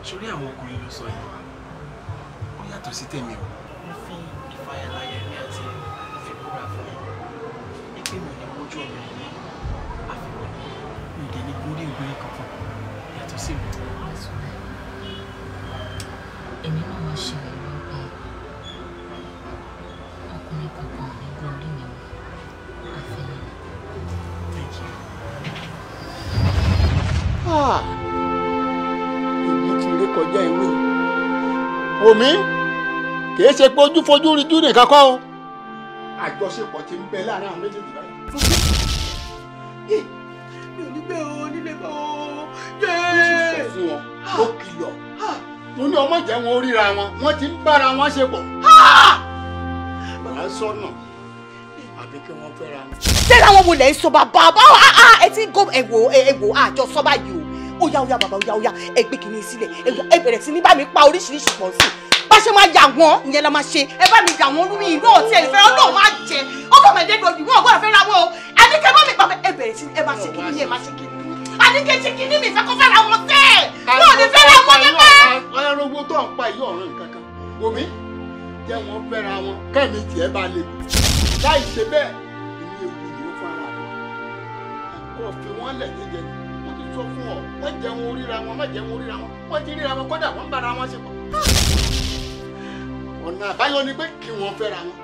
sórí àwọn ọkùnrin ló sọ yìí ó yàtọ̀ sí tèmi o mo fi ìfàyàláyà ẹ̀mí àti ìfikúra fún mi pé mi ò ní wojú obìnrin yìí àfikún mi ò ní gúrí ìgbóyè kankan yàtọ̀ sí mi èmi náà wá ṣẹlẹ̀ wípé ọkùnrin kankan ò ní gbọ́ mi mọ́ àfẹ́yìn. you. Ah! Èmi ti rí kọjá ìwé o. Omi kìí ṣe pé ojú rí jù nìkan kọ́ o. Àjọṣepọ̀ ti ń bẹ láàárín àwọn méjèèjì báyìí. má jẹ́ wọn ríra wọn wọ́n ti ń bára wọn ṣe pọ̀. bàbá sọnà àbí kí wọ́n fẹ́ra wọn. ṣé làwọn wo lẹ̀ sọ bàbá bá ah, ah, ah, ẹ ti gò ẹ̀wò ẹ̀wò àjọ sọ báyìí o ó yá ó yá bàbá ó yá ó yá ẹ kìíní sílẹ̀ ẹ bẹ̀rẹ̀ sí ní bá mi pa oríṣiríṣi pọ̀ sí bá ṣe máa yà wọ́n ìyẹn la máa ṣe ẹ bá mi yà wọ́n lórí iná ọtí ẹ̀fẹ́ ọlọ́run máa jẹ ọkọ mẹ́ẹ̀ẹ́dẹ́gbẹ̀ òbí wọn ọgbọ́n fẹ́ra wọn o ẹni kẹ́ bá mi pàmò ẹ bẹ̀rẹ̀ sí ẹ máa ṣe kíní ẹ máa ṣe kíní àníkẹ́ ṣe kíní mi fẹ́ kó fẹ́ra wọn tẹ́ ẹ wọn ò ní fẹ́ra wọn nípa ẹranko tó ń pa yìí ọ̀ràn kankan omi jẹ́ wọn fẹ́ra wọn kẹ́mi tiẹ̀ bá lè láì ṣe bẹ́ẹ̀ ìní ewu ni ó fún ara rẹ̀ kò fi wọ́n lẹ̀ jẹjẹ mo ti sọ fún ọ wọ́n jẹ́ wọn ríra wọn má jẹ́ wọn ríra wọn wọ́n ti ríra wọn kódà wọ́n bára wọn ṣe pọ̀ ọ̀nà àbáyọ ni pé kí wọ́n fẹ́ra wọn.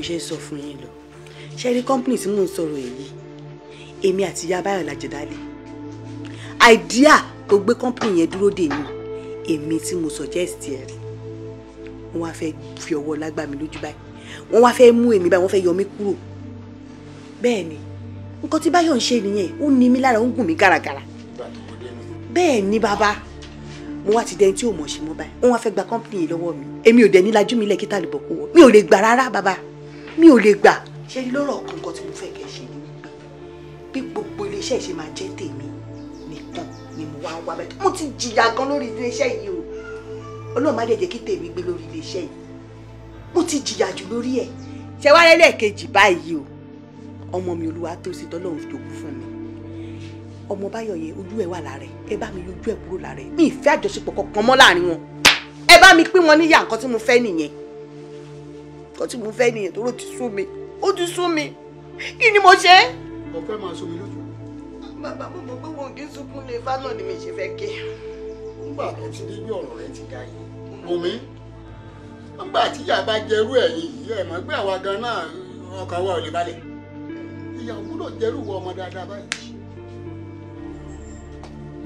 mo ṣe ń sọ fún yín lọ ṣe rí company tí mò ń sọ̀rọ̀ èyí èmi àti ìyá báyọ̀ la jẹ dálẹ̀ àìdíà tó gbé company yẹn dúró dè ní èmi tí mo suggest ẹ̀ rí wọ́n wá fẹ́ fi ọwọ́ lágbà mi lójú báyìí wọ́n wá fẹ́ mú èmi báyìí wọ́n fẹ́ yọ mí kúrò bẹ́ẹ̀ ni nǹkan tí báyọ̀ ń ṣe nìyẹn ó ní mi lára ó ń gùn mí gàràgàrà bẹ́ẹ̀ ni bàbá mo wá ti dẹni tí ò mọ̀ ṣe mọ́ báyìí wọ́n wá fẹ́ gba company yìí lọ́wọ́ mi èmi ò dẹ̀ ní lajú mi lẹ́kítà lùbọ̀ kó wọ́ mi ò lè gbà rárá bàbá mi ò lè gbà ṣe ni lọ́rọ̀ kankan tí mo fẹ́ kẹ́ ṣe ni wípé bí gbogbo iléeṣẹ́ ìṣe máa jẹ́ tèmi nìkan ni mo wá wá bẹ́ẹ̀ mo ti jìyà gan lórí iléeṣẹ́ yìí o ọlọ́run má dẹ̀ kí tèmi gbé lórí iléeṣẹ́ yìí mo ti jìyà jù lórí ẹ̀ ṣe wá lẹ́lẹ́kejì báyìí o ọmọ mi olúwa tó sì tọ́lọ́run tó kú fún mi ọmọ báyọ̀ yẹn ojú ẹ̀ wà lára ẹ̀ ẹ bá mi yọjú ẹ̀ kúrò lára ẹ̀ mi ìfẹ́ àjọṣepọ̀ kankan mọ́ láàrin wọn ẹ bá mi pín wọn níyà nǹkan tí mo fẹ́ nìyẹn nǹkan tí mo fẹ́ nìyẹn tó ló ti sú mi ó ti sú mi kí ni mo ṣe. ọ̀pẹ máa sọ mi lójú. bàbá mo mọ̀ pé wọn kì í sunkún lè fá náà ni mi ṣe fẹ́ ké. nígbà tó ti rí bí ọ̀rọ̀ rẹ ti ga yìí omi nígbà tí ìyá bá jẹrú ẹ̀yìn yìí ẹ̀ mọ̀ pé àwa gan náà ọkàn ò lè balẹ̀ ìyá òwúrọ̀ jẹrú wọ ọmọ dáadáa báyìí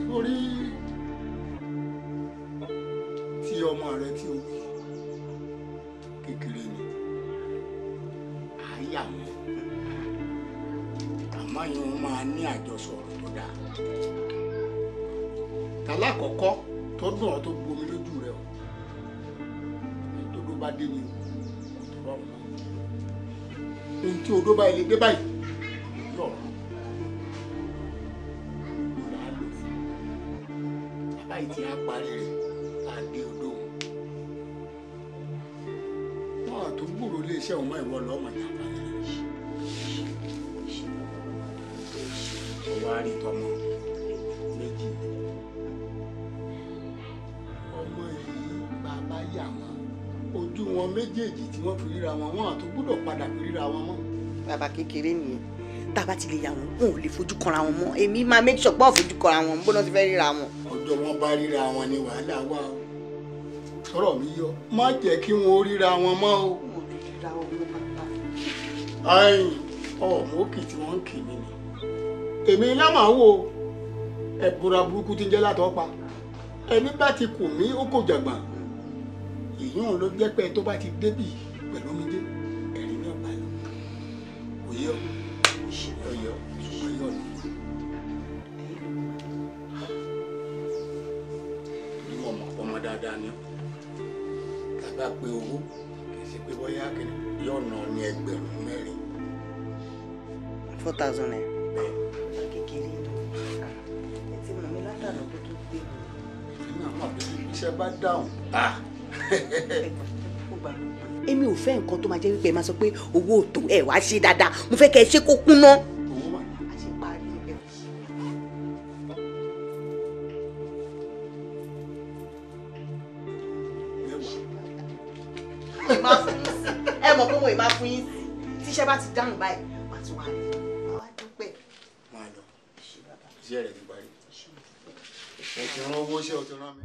lórí tí ọmọ rẹ tí o kékeré ni níyàwó àmọ́ yín ó máa ní àjọsọ̀rọ̀ tó dáa tàlákọ̀ọ́kọ́ tó dùn ọ́ tó gbomi lójú rẹ o ìdodo bá dé ni kò tó rọrùn ohun tí odó bá ilé dé báyìí lọ́rọ̀ ló là á lò fún bàbá yìí ti á parí rẹ̀ á dé odó wọn àtúgbòrò iléeṣẹ́ òun mọ́ ìwọ lọ́mọ ìyá báyìí. wá rí tọmọ méjì ọmọ yìí bàbá yà wọn ojú wọn méjèèjì tí wọn fi ríra wọn wọn àti gbọ́dọ̀ padà fi ríra wọn mọ́. bàbá kékeré nìyẹn tába ti lè yà wọn wọn ò lè fojú kanra wọn mọ́ èmi máa méjì sọpọ fojú kanra wọn bó náà ti fẹ́ ríra wọn. ọjọ́ wọn bá ríra wọn ni wàhálà wà o sọ̀rọ̀ mi yọ má jẹ́ kí wọn ríra wọn mọ́ o. ọmọ òkè tí wọ́n ń kì mí ni èmi lámàá wò ẹ̀bùra burúkú ti ń jẹ́ látọ̀ pa ẹni bá ti kù mí ó kò jàgbà èyàn ló jẹ́ pé tó bá ti débì pẹ̀lú omijé ẹ̀rín ní ọ̀pá yìí òye ọ̀yọ́ ọ̀yọ́ ni. bí wọn mọ̀ ọmọ dáadáa ni bàbá pé owó kìí ṣe pé bóyá yọ̀ọ̀nà ní ẹgbẹ̀rún mẹ́rin. four thousand naira. ṣe bá dáhùn. Ah. èmi ò fẹ́ nǹkan tó máa jẹ́ wípé ẹ máa sọ pé owó ò tó ẹ wá ṣe dáadáa mo fẹ́ kẹ́ ẹ ṣe kó kúnná. ẹ mọ̀ pé mo ì máa fún yín tíṣẹ́ bá ti dáhùn báyìí màá tún wá rí i bàbá. iṣẹ́ rẹ̀ ti parí. ẹ ti rán owó iṣẹ́ o ti rán mi.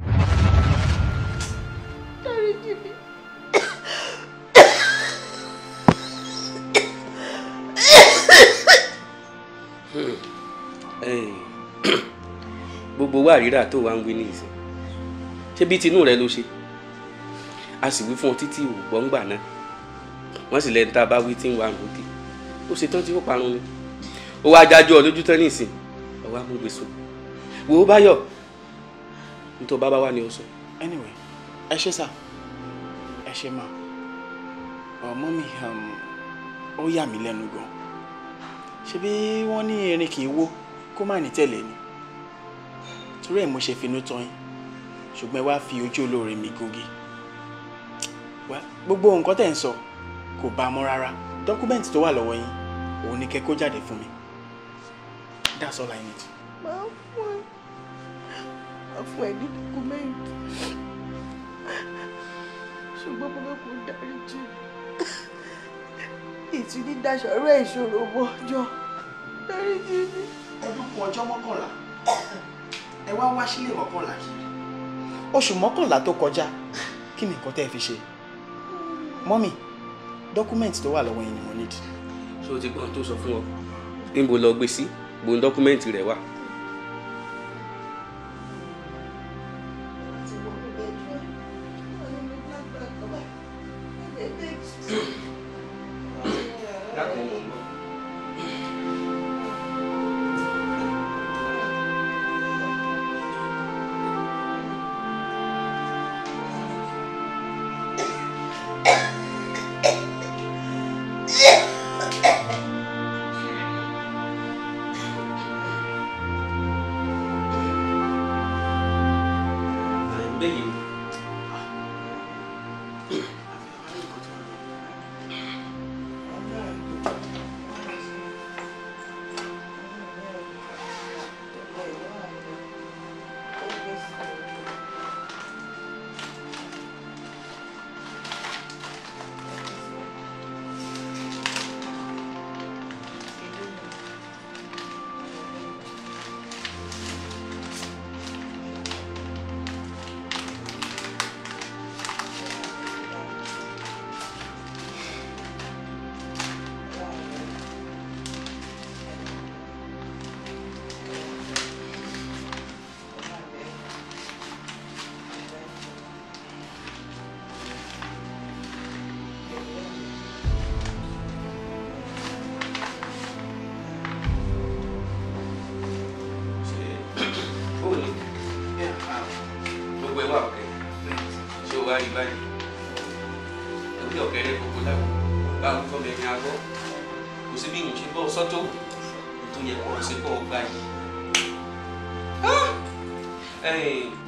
dárí jì mí. gbogbo wa rírà tó wá ń wí ní ìsìn ṣé bí tinú rẹ ló ṣe a sì wí fún ọ títí ògbọ́ngbà náà wọ́n sì lẹ́ni tá a bá wí tí ń wa àrùn òkè ó ṣe tán tí ó parun ni ó wá jájú ọ lójú tán ní ìsìn wá mú gbèsò wò ó báyọ̀ nítorí bàbá wa ni ó sọ. anyway ẹ ṣe sá ẹ ṣe máa ọmọ mi um, ó yà mí lẹ́nu gan ṣebí wọ́n ní erin kì í wó kó má ní tẹ̀lé ni torí ẹ̀ mo ṣe finú tán yín ṣùgbọ́n ẹ wá fi ojú olóore mi gogi gbogbo nǹkan tẹ̀ ń sọ kò bá a mọ́ rárá dọ́kúmẹ́ǹtì tó wà lọ́wọ́ yín ni kẹ́ kó jáde fún mi. That's all I need. Màá fún I need fún ẹ ní dọ́kúmẹ́ǹtì. Ṣùgbọ́n bàbá kò dárí jì. Ètò ní daṣọ̀rọ̀ ìṣòro mọ́ ọjọ́. Dárí jì ni. Ọdún kù ọjọ́ mọ́kànlá. Ẹ wá wá sílé mọ́kànlá kiri. Oṣù mọ́kànlá tó kọjá, kí ni nǹkan tẹ́ ẹ fi ṣe? Mọ́mì, dọ́kúmẹ́ǹtì tó wà lọ́wọ́ yẹn ni mo need. Ṣé o ti gbọ́n tó sọ fún ọ? Níbo gbòǹdọ́kúmẹ́ǹtì rẹ̀ wà.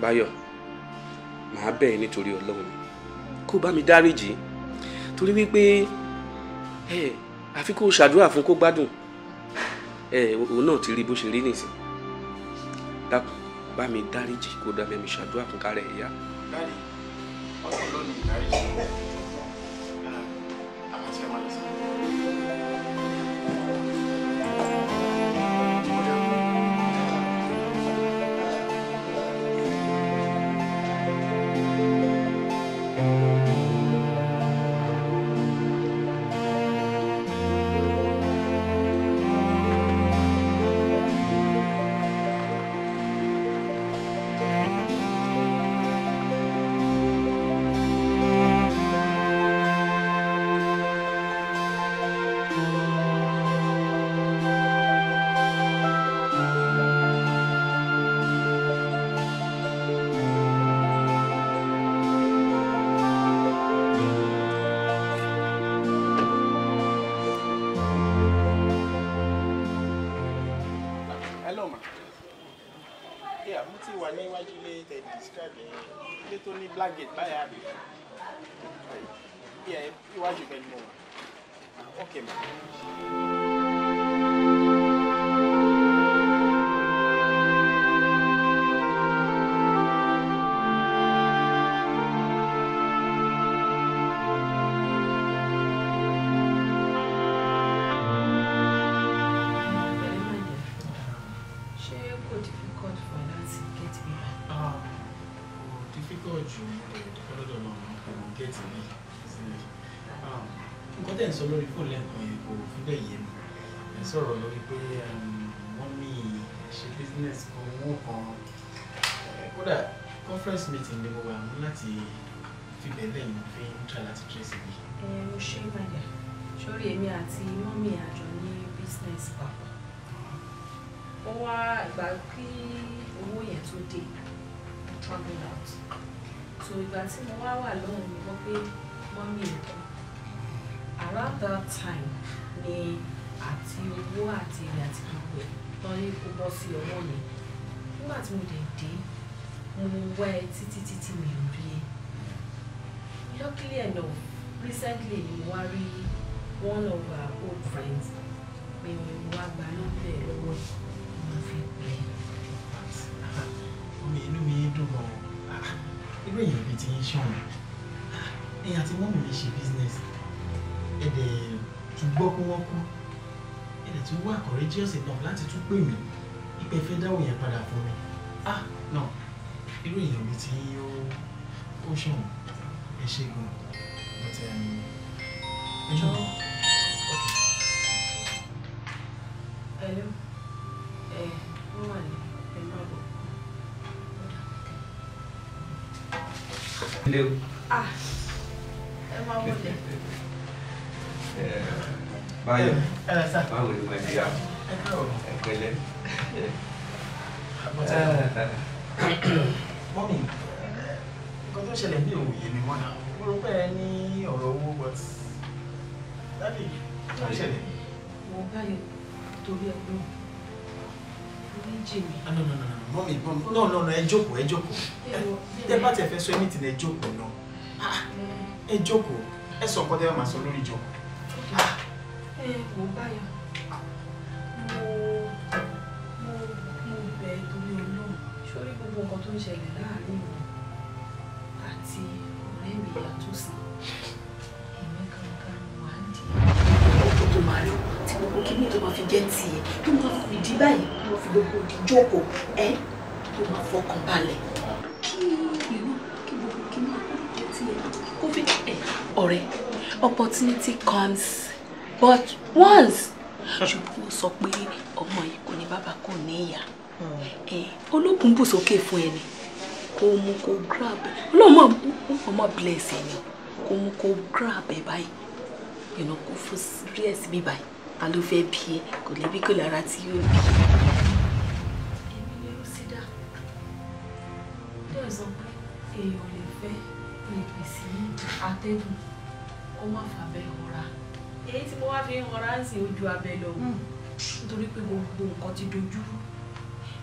Báyọ̀ màá bẹ̀ ẹ́ nítorí Ọlọ́run kó bá mi dáríjì torí wípé ẹ àfi kó ṣàdúrà fún kó gbádùn ẹ òun náà ti rí bó ṣe rí nìsín dákun bá mi dáríjì kó dá mẹ́mi ṣàdúrà fún kárẹ̀ ìyá. dáàdi ọ̀sán lónìí dáríjì. try láti trace bí. ẹ mo ṣe máa yà sórí èmi àti mọ́mí àjọ ní business papọ̀ ó wá ìgbà kí owó yẹn tó dé travel out so ìgbà tí mo wá wà lọ́hùn mi gbọ́ pé mọ́mí èkó around that time ni àti owó àti èrè àti gbogbo ẹ̀ tán ní kó bọ́ sí ọwọ́ mi nígbà tí mo dẹ̀ dé mo wá ẹ títí títí mi ò rí ẹ luckily enough recently we worry one of our old friends We mi wá gba lóbẹ̀ lọ́wọ́ mo fi pè é. omi inú mi dùn mọ́ irú èèyàn bíi ti ń ṣàn mí ẹ̀yìn àti mọ́mì mi ṣe business ẹ̀dẹ̀ tún gbọ́ pé wọ́n kú ẹ̀dẹ̀ tún wà courageous enough láti tún pè mí ìpè fẹ́ dáwọ̀ yẹn padà fún mi ah no irú èèyàn bíi ti ń yọ ó ṣàn É Chico. But, um, I don't know. Hello? Eh, who are eh, you? Ah, é uma mulher. É, vai. Ela sabe. Vai, o irmão é É É. Mami. tó ṣẹlẹ̀ ní òòyè ni wọ́n náà mo rò pé ẹ ní ọ̀rọ̀ owó but dábì tó ṣẹlẹ̀. mo báyọ̀ torí ọdún orí jì mí. Ah, no no no no mọ́mí no no no ẹ jókòó ẹ jókòó tẹ bá tẹ fẹ́ sọ ẹni tìǹda ẹ jókòó náà ah, ẹ jókòó ẹ sọ ọkọ tẹ bá máa sọ lórí ìjọ. Ah. ẹ mo báyọ̀ mo mo mo bẹ̀ torí ọlọ́run sórí gbogbo nǹkan tó ń ṣẹlẹ̀ láàárín mi ìgbàtòsí opportunity comes but once ṣùgbọ́n sọ pé ọmọ yìí kò ní bàbá kò ní ìyá hmm. eh, olókùn bùsókè fún ẹni kó mú kó grab ọlọ́mọ ọmọ bless ẹ ni kó mú kó grab ẹ báyìí ìnà kó fún rí ẹ síbí báyìí ta ló fẹ́ bí ẹ kò lẹ́bí kò lára tí yóò bí. èmi lè sí dá dẹ́ẹ̀ sọ pé èèyàn lè fẹ́ lè pèsè àtẹ̀gùn kó má fà bẹ́ẹ̀ ọ̀ra èyí tí mo wá fi ń ọ̀ra ń sìn ojú abẹ lọ hmm. nítorí pé gbogbo nǹkan ti dojúrú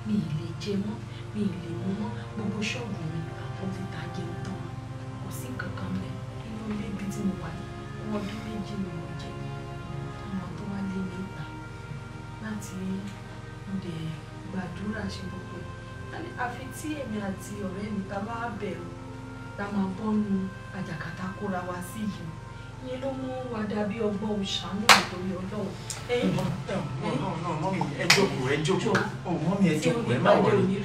mi ì lè jẹ mọ́ mi ì lè mú mọ́ gbogbo ṣọ́ọ̀bù mi ó ti ta jẹun tán kò sí nǹkan kan mẹ́ inú ilé ibi tí mo wà ní ọdún méjì ni mo jẹ ọmọ tó wá lé mi gbà láti dè gbàdúrà ṣe gbogbo ẹ̀ àfi tí èmi àti ọ̀rẹ́ mi ta bá bẹ̀rù la máa bọ́nu àjàkátà kóra wa sí yìí ni ló mú wa dàbí ọgbọ́n òṣàánú nítorí ọlọ́run. no no mọ́mí ẹ jókòó ẹ jókòó o oh, mọ́mí ẹ jókòó ẹ má wọlé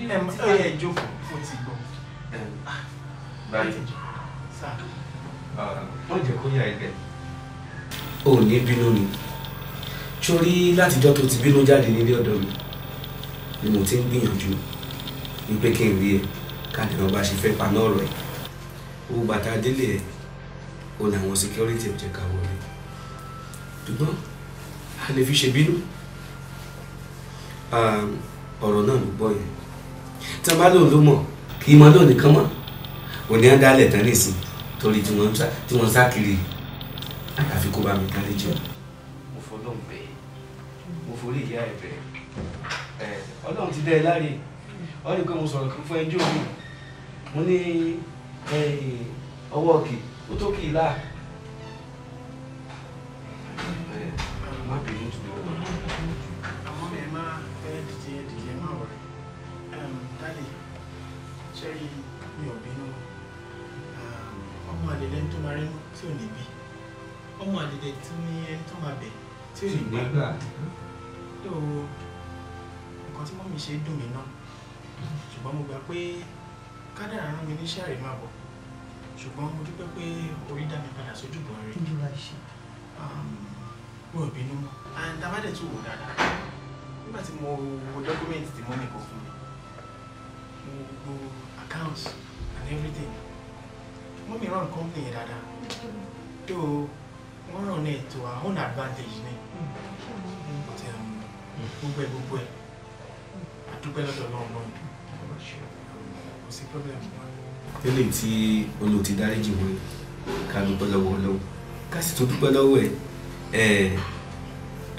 ẹ jókòó mo ti gbọ́. Ah, báyìí wọ́n ah, jẹ́ kó yá ẹgbẹ́. ò ní bínú ni sórí látijọ́ tó ti bínú jáde nílé ọ̀dọ́ mi ni mo ti ń gbìyànjú wípé kí n rí ẹ káàdì náà bá ṣe fẹ́ paná ọ̀rọ̀ ẹ̀ owó bàtà délé ẹ̀ ó ní àwọn security ò jẹ́ ká wọlé ṣùgbọ́n a lè fi ṣe bínú ọ̀rọ̀ náà ló gbọ́ yẹn tí a bá lòun ló mọ̀ kì í mọ lóun nìkan mọ̀ ò ní á dálẹ̀ tán nìsín torí tí wọ́n ń sá kiri àyàfi kó bá mi dárí jẹ́ mo fọlọ́n bẹ́ẹ̀ mo forí ìyá ẹ̀ bẹ́ẹ̀ ọlọ́run ti dẹ́ ẹ láre ọ̀rẹ́ pé mo sọ̀rọ̀ kan fún ẹjọ́ mi mo ní ọwọ́ kìí Utoke ila. Má bínú tó lọ. Àmọ́ mi máa fẹ́ dìde dìde máa wà. Dálì, ṣẹ́rí mi ò bínú. Ọmọ àdèdè tó máa rí tí ò ní bí. Ọmọ àdèdè tó ní ẹni tó máa bẹ̀ tí ò ní gbà. Tó nǹkan tí mọ́mí ṣe dùn mí náà. Ṣùgbọ́n mo gbà pé kádàrá rán mi níṣẹ́ àrèmábọ̀ ṣùgbọ́n mo dúpẹ́ pé orí dá mi padà sójú bọ̀ rẹ̀. ojú wa ṣe. mi ò bínú mọ́ and abádẹ́ tún wò dáadáa nígbà tí mo wo document tí mọ́mì kọ fún mi mo gbogbo accounts and everything mọ́mì ràn company yẹn dáadáa tó wọ́n ràn ní ètò our own advantage ni um, gbogbo ẹ̀ gbogbo ẹ̀ àdúgbò lọ́dọ̀ lọ́wọ́ náà kò sí problem eléyìí tí olóòtú dáríjì wọn ká dúpẹ́ lọ́wọ́ ọlọ́wọ́ ká sì tún dúpẹ́ lọ́wọ́ ẹ̀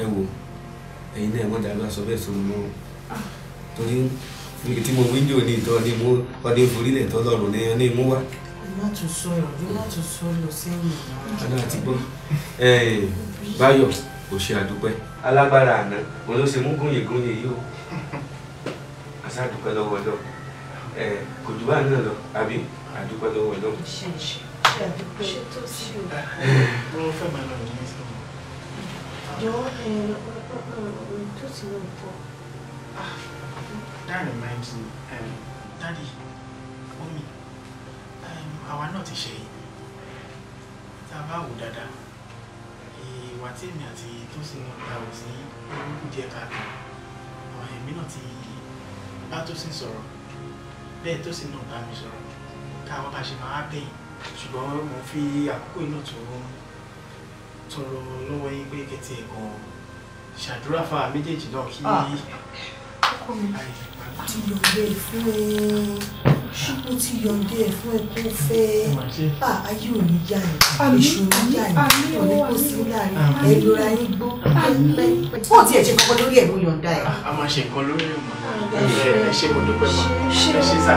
ẹ wò ẹ̀yin náà wọ́n dàgbà sọ bẹ́ẹ̀ sọ̀rọ̀ mọ́ torí níbi tí mo wíńdò ní ìtọ́ ni mo ọdẹ ìforílẹ̀ tọ́ lọ́rùn ní ọ ní mú wá. má tún sọ̀rọ̀ bí má tún sọ̀rọ̀ sẹ́yìn náà. ọ̀nà àti gbọ́ báyọ̀ kò ṣe àdúpẹ́ alágbára àná òun ló ṣe mú gúnyè gúnyè yìí o àṣà àdúpẹ́ lọ́wọ́ ọlọ́run. Eh, kò jù bá náà lọ àbí àdúpẹ́ lọ́wọ́ ọlọ́run. ṣe ṣe ṣe àdúpẹ́ ṣe tó sí o. wọ́n fẹ́ máa lọ nìyẹn sí wọn. jọ tó sì lọ pọ̀. that reminds me um, daddy omi um, àwa náà ti ṣe yìí tá a bá wò dáadáa ìwà tí èmi àti tó sì ń ta ò sí orúkú díẹ̀ káàkiri àwọn èmi náà ti bá tó sì ń sọ̀rọ̀ bẹ́ẹ̀ tó sì náà bá mi sọ̀rọ̀ káwọn bá ṣe máa bẹ̀yìn ṣùgbọ́n mo fi àkókò iná tó tọrọ lọ́wọ́ yín pé kẹtì ẹ̀kọ́ ṣàdúrà fa méjèèjì náà kí ah, àyè ìpàdé ṣé mo ti yọ̀ǹde ẹ̀ fún ẹ̀kọ́ fẹ́ ayé ò ní yá ni èṣù yá ni òní kò sí láàrin ẹ̀ yín gbọ́ pẹ́pẹ́. ó tiẹ̀ ṣe kankan lórí ẹ̀ ló yọ̀ǹda ẹ̀. a máa ṣe nǹkan lórí ẹ̀ mọ́ ẹ ṣe mo dúpẹ́ mọ́ ẹ ṣe sá.